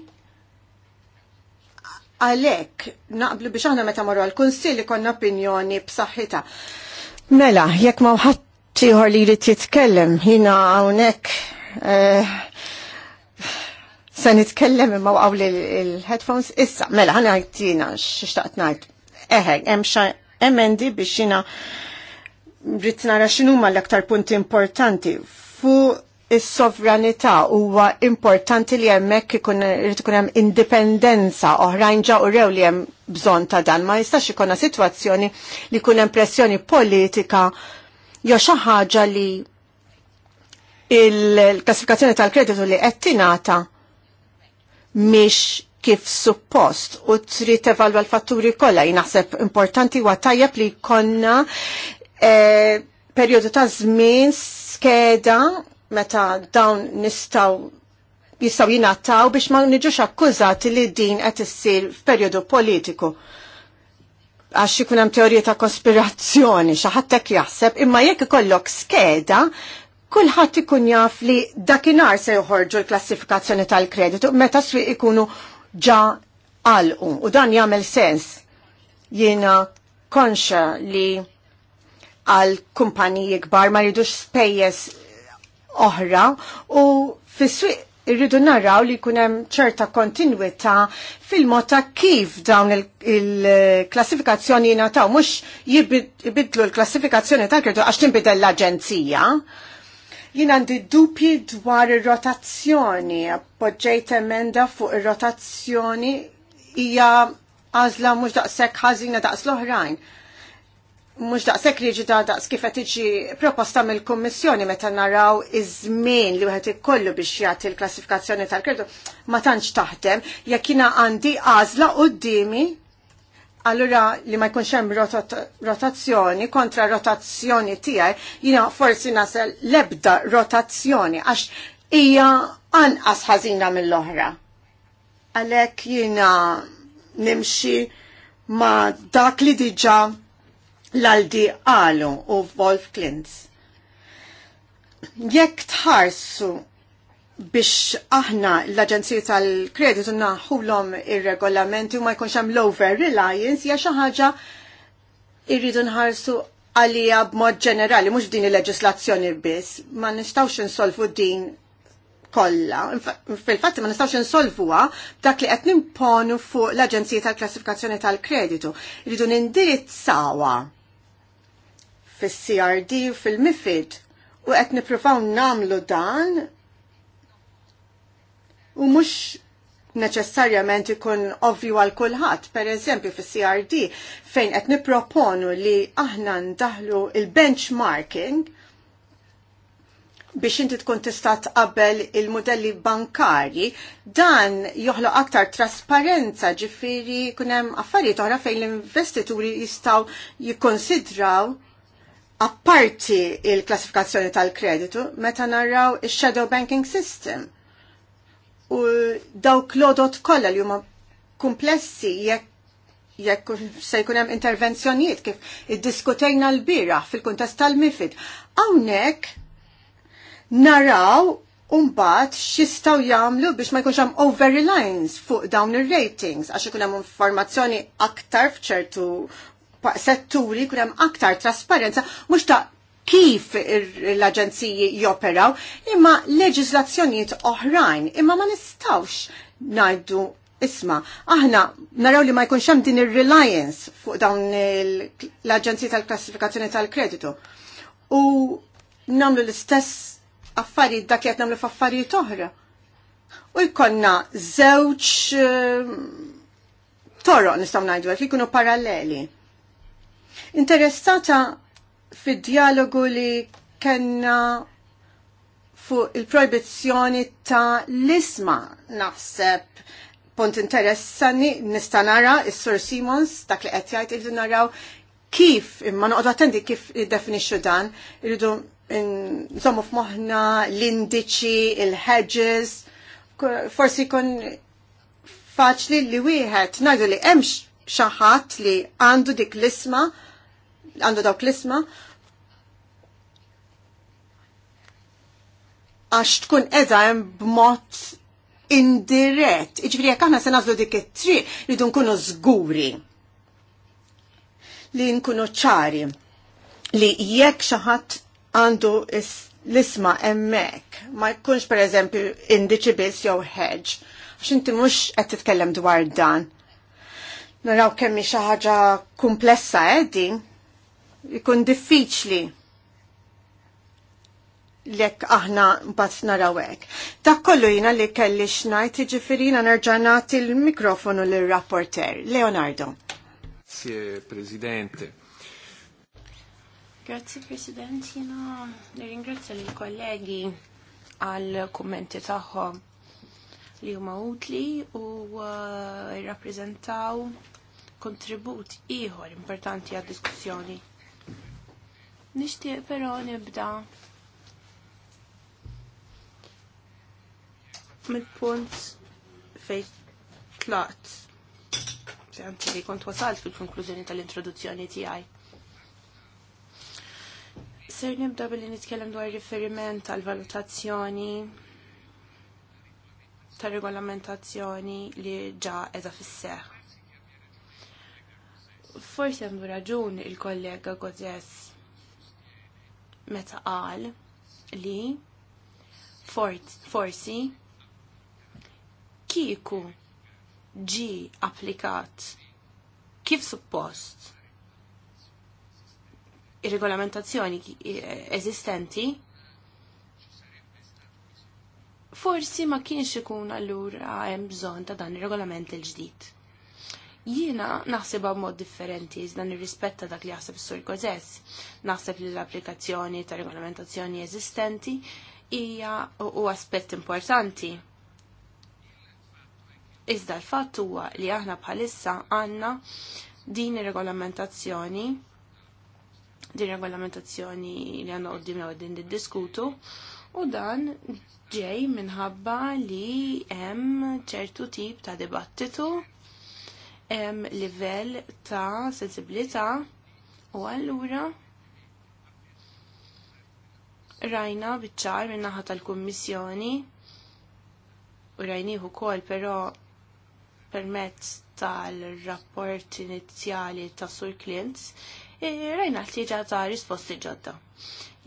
għalek naqblu biex aħna meta marru għal-Kunsill konna opinjoni b'saħħitha. Mela, jekk ma ħadd ieħor li jrid jitkellem, jiena hawnhekk eh, se nitkellem imma waqgħu li l-headphones issa. Mela, ħana jiena x'ixtaqt ngħid. Eħek, hemm xi emendi biex jiena rrid nara x'inhuma l-aktar punti importanti fuq is-sovranità huwa importanti li hemmhekk ikun irid ikun hemm indipendenza oħrajn ġew urew li hemm bżonn ta' dan ma jistax ikonna sitwazzjoni li jkun hemm pressjoni politika jew xi ħaġa li il-klassifikazzjoni tal-kreditu li qed tingħata mhix kif suppost u trid tevalwa l-fatturi kollha jinaħseb importanti huwa tajjeb li jkollna eh, perjodu ta' żmien skeda meta dawn nistaw jistaw jinattaw biex ma niġux akkużati li din qed issir f'perjodu politiku. Għax ikun hemm teorija ta' konspirazzjoni xi ħadtek jaħseb, imma jekk ikollok skeda, kulħadd ikun jaf li dakinhar se joħorġu l-klassifikazzjoni tal-kreditu meta swieq ikunu ġa għalqu u dan jagħmel sens jiena konxa li għal kumpaniji kbar ma jridux spejjeż oħra u fissu irridu narraw li kunem ċerta kontinuità fil-mod ta' kif dawn il-klassifikazzjoni il nataw, mux jibidlu l-klassifikazzjoni ta' kredu għax tinbidel l-aġenzija. Jien għandi dupi dwar ir-rotazzjoni, poġġejt emenda fuq ir-rotazzjoni hija għażla mhux daqshekk ħażina daqs l-oħrajn mux daqsek ta' daqs kif qed tiġi proposta mill-Kummissjoni meta naraw iż-żmien li wieħed ikollu biex jagħti il klassifikazzjoni tal-kredu ma tantx taħdem jekk jiena għandi għażla qudiemi allura li ma jkunx hemm rotazzjoni kontra rotazzjoni tiegħi jiena forsi nasel lebda rotazzjoni għax hija anqas ħażina mill-oħra. Għalhekk jiena nimxi ma dak li diġa' l-aldi għalu u Wolf Klintz. Jekk tħarsu biex aħna l-Aġenzija tal-Kreditu naħulhom ir-regolamenti u ma jkunx hemm l-over reliance hija xi ħaġa irridu nħarsu għalija b'mod ġenerali, mhux din il-leġislazzjoni biss, ma nistgħux insolvu din kollha. Fil-fatt ma nistgħux insolvuha b'dak li qed nimponu fuq l-Aġenzija tal-Klassifikazzjoni tal-Kreditu. Irridu nindirizzawha fis-CRD u fil-MIFID u qed nippruvaw namlu dan u mhux neċessarjament ikun ovvju għal kulħadd, per eżempju fis crd fejn qed nipproponu li aħna ndaħlu il-benchmarking biex inti tkun tista' tqabbel il-modelli bankari, dan joħloq aktar trasparenza ġifiri kunem hemm affarijiet oħra fejn l-investituri jistgħu jikkonsidraw apparti il-klassifikazzjoni tal-kreditu meta narraw il-shadow banking system u dawk klodot kollha li huma komplessi jekk jek se jkun hemm intervenzjonijiet kif iddiskutejna l bira fil-kuntest tal-mifid. Hawnhekk naraw Umbat xistaw jamlu biex ma jkunx hemm over reliance fuq dawn ir-ratings għax ikun hemm informazzjoni aktar f'ċertu setturi kun hemm aktar trasparenza mhux ta' kif l-aġenziji joperaw imma leġislazzjonijiet oħrajn imma ma nistawx najdu isma aħna naraw li ma jkunx hemm din ir-reliance fuq dawn l-aġenziji tal-klassifikazzjoni tal-kreditu u namlu l-istess affarijiet dak li qed nagħmlu f'affarijiet oħra. U jkollna żewġ ehm, toroq nistgħu ngħidu li jkunu paralleli. Interessata fid-dialogu li kenna fuq il-proibizzjoni ta' l-isma naħseb punt interessani nista' nara is-Sur Simons dak li qed jgħid irridu naraw kif imma noqgħodu attendi kif iddefinixxu dan, irridu nżommu f'moħħna l-indiċi, il-hedges, forsi jkun faċli li wieħed ngħidu li hemmx xaħat li għandu dik l-isma, għandu dawk l-isma, għax tkun edha hemm b'mod indirett. Iġifieri jekk aħna se nażlu dik it-triq rridu nkunu żguri li nkunu ċari li jekk xi ħadd għandu l-isma hemmhekk ma jkunx pereżempju indiċi biss jew ħeġ, għax inti mhux qed titkellem dwar dan naraw kemmi xi ħaġa komplessa eddi, eh, ikun diffiċli lek aħna bat narawek. hekk. Dak kollu jina li kelli xnajt iġifirina nerġa' nagħti l-mikrofonu l rapporter Leonardo. Grazie Presidente. Grazie President, jiena nirringrazzja lill kollegi għal kummenti tagħhom li huma utli u uh, jirrappreżentaw kontribut ieħor importanti għad-diskussjoni. Nixtieq però nibda mill-punt fej tlaqt. Anzi li kont wasalt fil-konklużjoni tal-introduzzjoni tiegħi. Ser nibda billi nitkellem dwar riferiment għall valutazzjoni ta' regolamentazzjoni li ġa edha fisseħ. Forsi għandu raġun il-kollega Gozes meta qal li forsi kieku ġi applikat kif suppost ir-regolamentazzjoni e- e- eżistenti forsi ma kienx ikun allura hemm bżonn ta' dan ir-regolament il-ġdid. Jiena naħsibha b'mod differenti dan ir-rispett dak li jaħseb is-sur Gozess. Naħseb li l-applikazzjoni ta' regolamentazzjoni eżistenti hija u aspett importanti. Iżda l-fatt huwa li aħna bħalissa għandna din ir-regolamentazzjoni din regolamentazzjoni li għanna għoddim għoddin diskutu u dan ġej minħabba li hemm ċertu tip ta' dibattitu hemm livell ta' sensibilità u allura rajna biċċar minn naħa tal-Kummissjoni u rajnieħu wkoll però permezz tal-rapport inizjali ta' Sur Clint. Eh, rajna ħtieġa ta' risposti ġodda.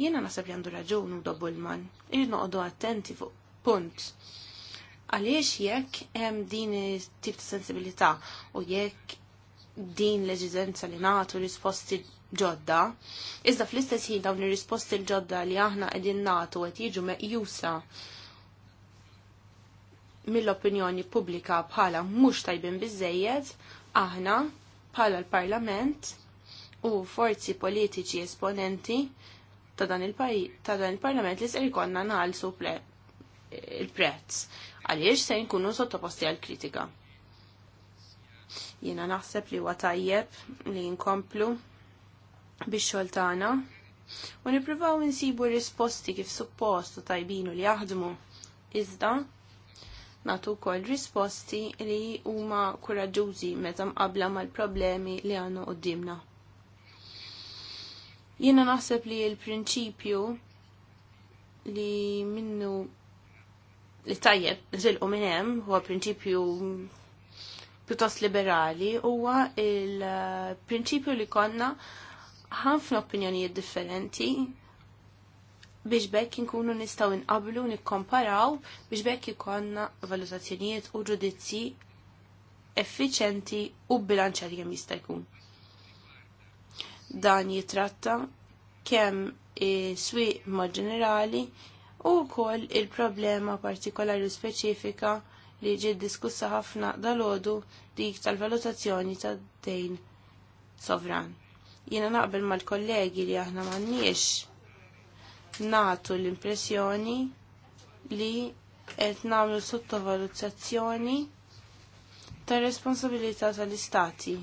Jiena nasab jandu raġun u l-man, irnu noqogħdu attenti fuq punt. Għaliex jekk hemm din tip ta' sensibilità u jekk din l-eġizenza li nagħtu risposti ġodda, iżda fl-istess ħin dawn ir-risposti l-ġodda li aħna qegħdin nagħtu qed jiġu meqjusa mill-opinjoni pubblika bħala mhux tajbin biżejjed, aħna bħala l-Parlament u forzi politiċi esponenti ta' dan il-parlament li ser ikonna naħalsu il-prezz għaliex se nkunu sottoposti għal kritika. Jiena naħseb li huwa tajjeb li nkomplu biex xoltana u nippruvaw insibu risposti kif suppost u tajbinu li jaħdmu iżda natu kol risposti li huma kuraġużi meta mqabla mal-problemi li għandu qoddimna. Jiena naħseb li l-prinċipju li minnu li tajjeb zilqu minn hemm huwa prinċipju pjuttost liberali huwa il-prinċipju li konna ħafna opinjonijiet differenti biex bekk inkunu nistgħu nqablu nikkomparaw biex bekk ikonna valutazzjonijiet u ġudizzi effiċenti u bilanċar jista' jkun. Dan jitratta kemm is-swieq ma' ġenerali u wkoll il-problema partikolari u speċifika li ġiet diskussa ħafna dalodu dik tal-valutazzjoni tad-dejn sovran. Jiena naqbel mal-kollegi li aħna m'għandniex natu l-impressjoni li qed nagħmlu sottovalutazzjoni tar responsabilità tal-istati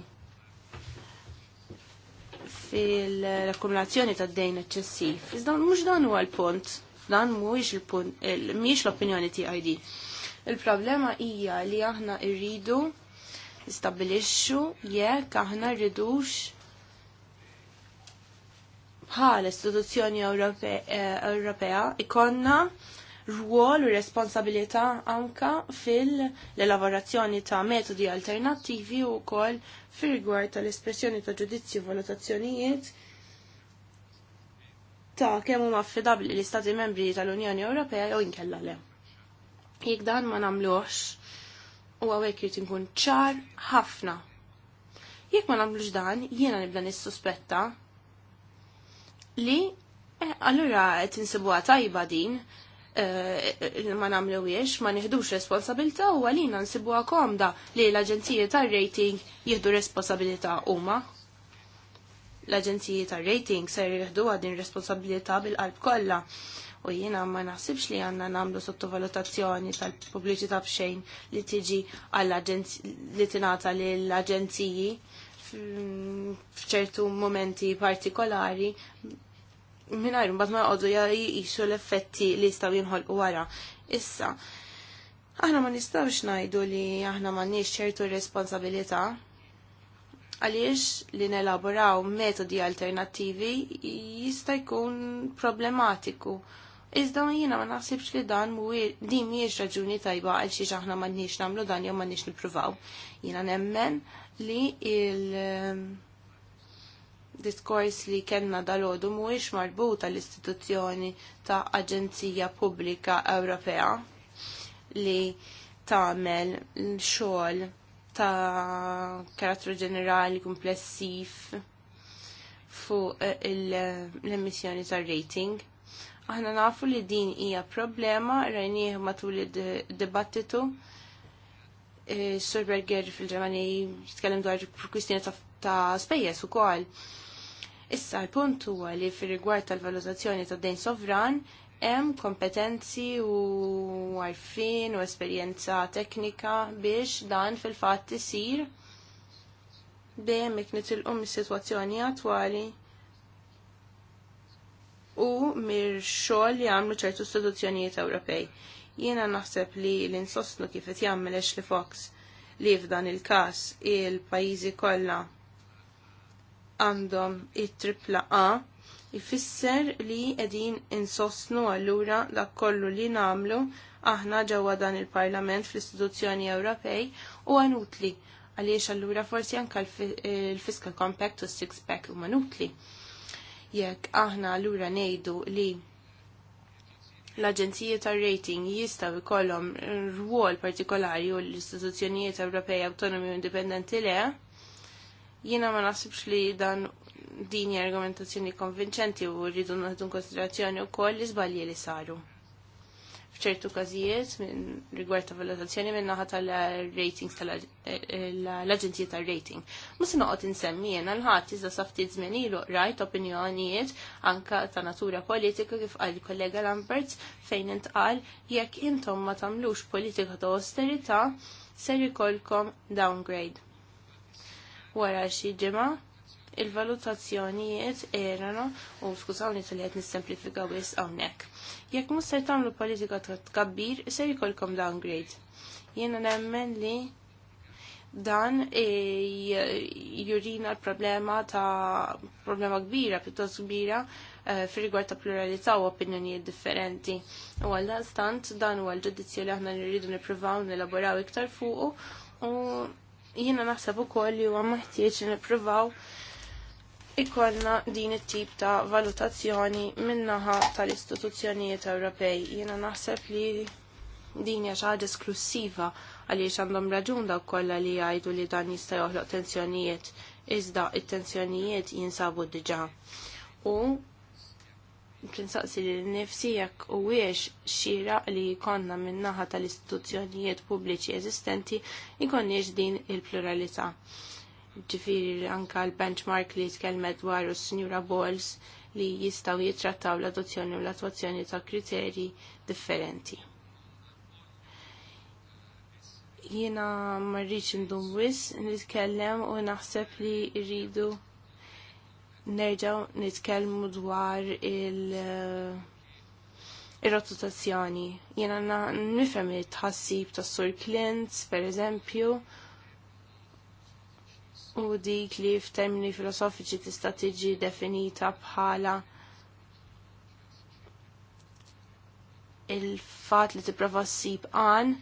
fil-akkumulazzjoni ta' dejn eċċessiv. Iżda mhux dan huwa l-punt, dan mhuwiex il-punt, mhijiex l-opinjoni tiegħi di. Il-problema hija li aħna rridu nistabilixxu jekk aħna rridux bħala istituzzjoni eh, Ewropea ikonna rwol u responsabilità anka fil-elaborazzjoni ta' metodi alternattivi u kol fil-rigward tal-espressjoni ta' ġudizzju valutazzjonijiet ta' kemm huma affidabli l-Istati Membri tal-Unjoni Ewropea jew inkella le. Jekk dan ma nagħmlux, u għawek jrid inkun ċar ħafna. Jekk ma nagħmlux dan, jiena nibda nissuspetta li eh, allura qed insibuha tajba din Eh, ma namlu wiex, ma nieħdux responsabilta u għalina nsibu komda li l-aġenziji tar-rating jieħdu responsabilita huma. L-aġenziji tar-rating ser jihdu għadin responsabilita bil-qalb kollha u jina ma naħsibx li għanna namlu sottovalutazzjoni tal-pubbliċità b'xejn li tiġi li tingħata lill-aġenziji f'ċertu momenti partikolari minnajru, mbagħad ma jqogħdu jisu l-effetti li jistgħu jinħolqu wara. Issa, aħna ma nistgħux ngħidu li aħna m'għandniex ċertu responsabilità għaliex li nelaboraw metodi alternattivi jista' jkun problematiku. Iżda jiena ma naħsibx li dan din miex raġuni tajba għal xi aħna m'għandniex nagħmlu dan jew m'għandniex nippruvaw. Jiena nemmen li il- diskors li kena dal-ħodu mhuwiex marbuta l-istituzzjoni ta' Aġenzija Pubblika Ewropea li tagħmel xogħol ta' karattru ġenerali komplessiv fuq eh, l-emissjoni tar-rating. Aħna nafu li din hija problema rajnieh matul id-dibattitu. Eh, Sorberger fil-Ġermani jitkellem dwar kwistjoni ta' ta' spejjeż ukoll Issa l-punt huwa li fir-rigward tal-valutazzjoni tad dejn sovran hemm kompetenzi u għarfien u esperjenza teknika biex dan fil-fatt isir dejjem jekk nitilqu mis-sitwazzjoni attwali u mir xogħol li għamlu ċertu istituzzjonijiet Ewropej. Jiena naħseb li l-insostnu kif qed jagħmel li Fox li f'dan il-każ il-pajjiżi kollha għandhom it-tripla A jfisser li qegħdin insostnu allura dak kollu li nagħmlu aħna ġewwa dan il-Parlament fl-istituzzjoni Ewropej u għanutli għaliex allura forsi anka l-Fiscal Compact u Six Pack u manutli. Jekk aħna allura ngħidu li l aġenzija tar-rating jistgħu jkollhom rwol partikolari u l-istituzzjonijiet Ewropej Awtonomi u Indipendenti le, Jiena ma nasibx li dan din argumentazzjoni konvinċenti u rridu naħdu konsiderazzjoni wkoll li żbalji li saru. F'ċertu każijiet minn rigward ta' valutazzjoni minn naħa tal-ratings tal agenzija tar-rating. Mhux se noqgħod insemmi jiena l-ħadd iżda sa ftit żmien ilu rajt opinjonijiet anka ta' natura politika kif qal kollega Lamberts fejn intqal jekk intom ma tagħmlux politika ta' austerita, ser jkollkom downgrade wara xi ġimgħa il-valutazzjonijiet erano u skużawni tal qed nissemplifikaw wis hawnhekk. Jekk mhux se tagħmlu politika ta' tkabbir, se jkollkom downgrade. Jiena nemmen li dan e, jurina l-problema ta' problema kbira, pjuttost kbira, e, fil-rigward ta' pluralità u opinjonijiet differenti. U għal stant dan huwa l-ġudizzju li aħna nirridu nippruvaw nilaboraw iktar fuqu u Jiena naħseb ukoll li huwa meħtieġ nippruvaw ikollna din it-tip ta' valutazzjoni min-naħa tal-istituzzjonijiet Ewropej. Jiena naħseb li din hija xi ħaġa esklusiva għaliex għandhom raġun dawk kolla li jgħidu li dan jista' joħloq tensjonijiet iżda t tensjonijiet jinsabu diġà. U Prinsaqsi li nifsi jekk u wiex xira li konna minnaħa tal-istituzzjonijiet pubbliċi eżistenti ikonniex din il-pluralità. Ġifiri anka l-benchmark li tkellmet dwar s-Sinjura Bowles li jistaw jitrattaw l-adozzjoni u l-attuazzjoni ta' kriteri differenti. Jiena marriċ indum wis nitkellem u naħseb li rridu nerġaw nitkellmu dwar il- eh, ir-rotazzjoni. Jena nifem il tħassib tas Sur Clint, per eżempju, u dik li f'termini filosofiċi tista' tiġi definita bħala il-fat li tipprova ssib għan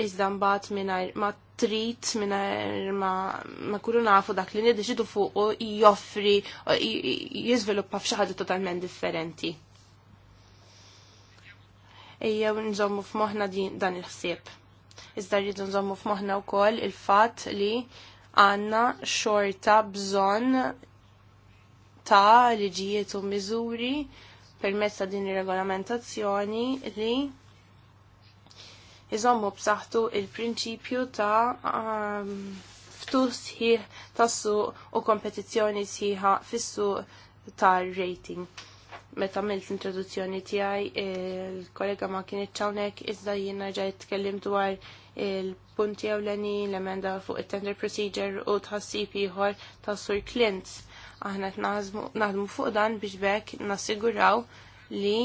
iżda mbagħad mingħajr ma trid mingħajr ma kullu nafu dak li niddeċidu fuq joffri jiżviluppa f'xi ħaġa totalment differenti. Ejjew nżommu f'moħħna dan il-ħsieb. Iżda rridu nżommu f'moħħna wkoll il-fatt li għandna xorta bżonn ta' liġijiet u miżuri permezz ta' din ir-regolamentazzjoni li iżommu b'saħħtu il-prinċipju ta' um, ftuħ sħiħ tas-suq u kompetizzjoni sħiħa fis-suq rating meta milt introduzzjoni tiegħi il-kollega ma kienet iċċawnek iżda jien ġej tkellim dwar il-punti ewleni l-emenda fuq it-tender procedure u tħassib ieħor ta' Sur Clint. Aħna qed naħdmu fuq dan biex bekk nassiguraw li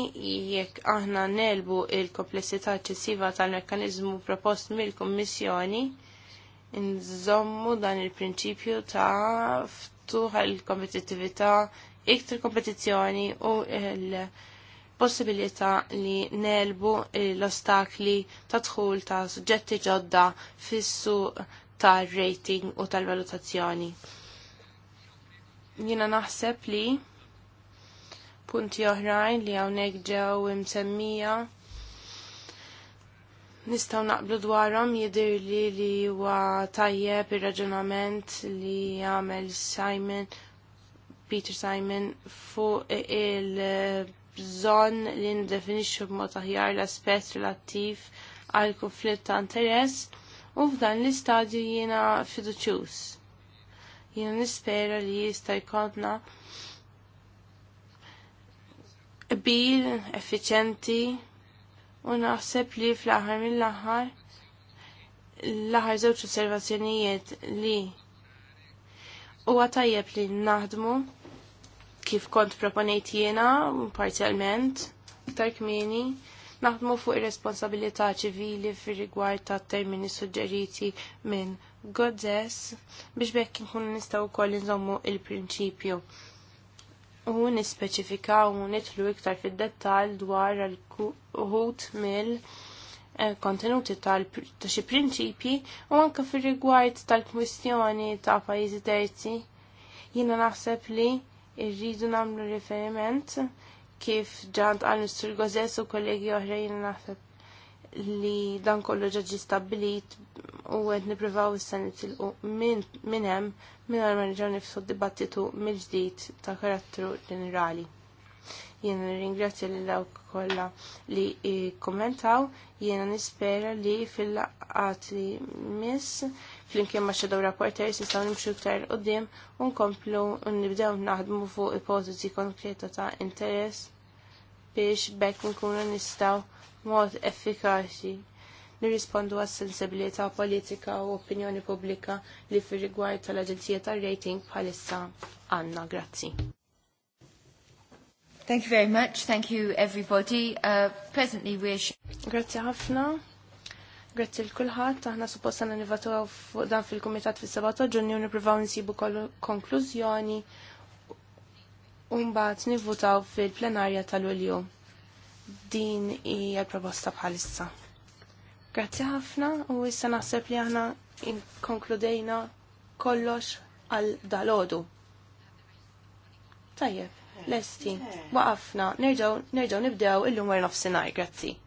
jekk aħna nelbu il-komplessità eċċessiva tal-mekkanizmu propost mill-Kummissjoni, nżommu dan il-prinċipju ta' ftuħ il-kompetittività, iktar kompetizzjoni u il-possibilità li nelbu l-ostakli ta' dħul ta' suġġetti ġodda fissu suq tar rating u tal-valutazzjoni. Jina naħseb li punti oħrajn li hawnhekk ġew imsemmija nistgħu naqblu dwarhom jidhir li li huwa tajjeb ir-raġunament li jagħmel Simon Peter Simon fuq il-bżonn li ndefinixxu b'mod aħjar l-aspett relattiv għal konflitt ta' interess u f'dan l-istadju jiena fiduċjuż. Jiena nispera li jista' jkollna qbil, effiċenti u naħseb li fl-aħħar mill-aħħar l-aħħar żewġ osservazzjonijiet li huwa tajjeb li naħdmu kif kont proponejt jiena parzjalment iktar kmieni naħdmu fuq ir-responsabilità ċivili fir-rigward ta' termini suġġeriti minn Godzess biex bekk nkunu nistgħu wkoll nżommu il-prinċipju u nispeċifikaw u nitlu iktar fid-dettal dwar uħut mill eh, kontenuti tal xi prinċipji u anke fir-rigward tal-kwistjoni ta' pajjiżi terzi. Jiena naħseb li rridu nagħmlu riferiment kif ġant għal Mr. Gozes u kollegi oħrajn naħseb li dan kollu ġaġi stabbilit u għed niprivaw issa nitilqu minn hemm minn għal nerġgħu nifsu dibattitu mill-ġdid ta' karattru ġenerali. Jiena nirringrazzja li dawk kolla li kommentaw, jiena nispera li fil-laqgħat li miss flimkien ma' xedaw rapporter jistgħu nimxu iktar qudiem u nkomplu un nibdew naħdmu fuq ipoteżi konkreta ta' interess biex bekk nkunu nistaw mod effikaċi nirrispondu għas sensibilità politika u opinjoni pubblika li fir rigward tal-Aġenzija tar-rating bħalissa għandna. Grazzi. Thank you very much. Thank you everybody. Uh, presently wish. Grazzi ħafna. Grazie l-kulħat, aħna supposta nivatu fuq dan fil-Komitat fil-7 ġunju nipruvaw nsibu konklużjoni Umbat nivutaw fil-plenarja tal-ulju. Din hija proposta bħalissa. Grazzi ħafna u issa naħseb li aħna inkonkludejna kollox għal dalodu. Tajjeb, lesti, waqafna, nerġaw nibdew illum għal nofsinhar, grazzi.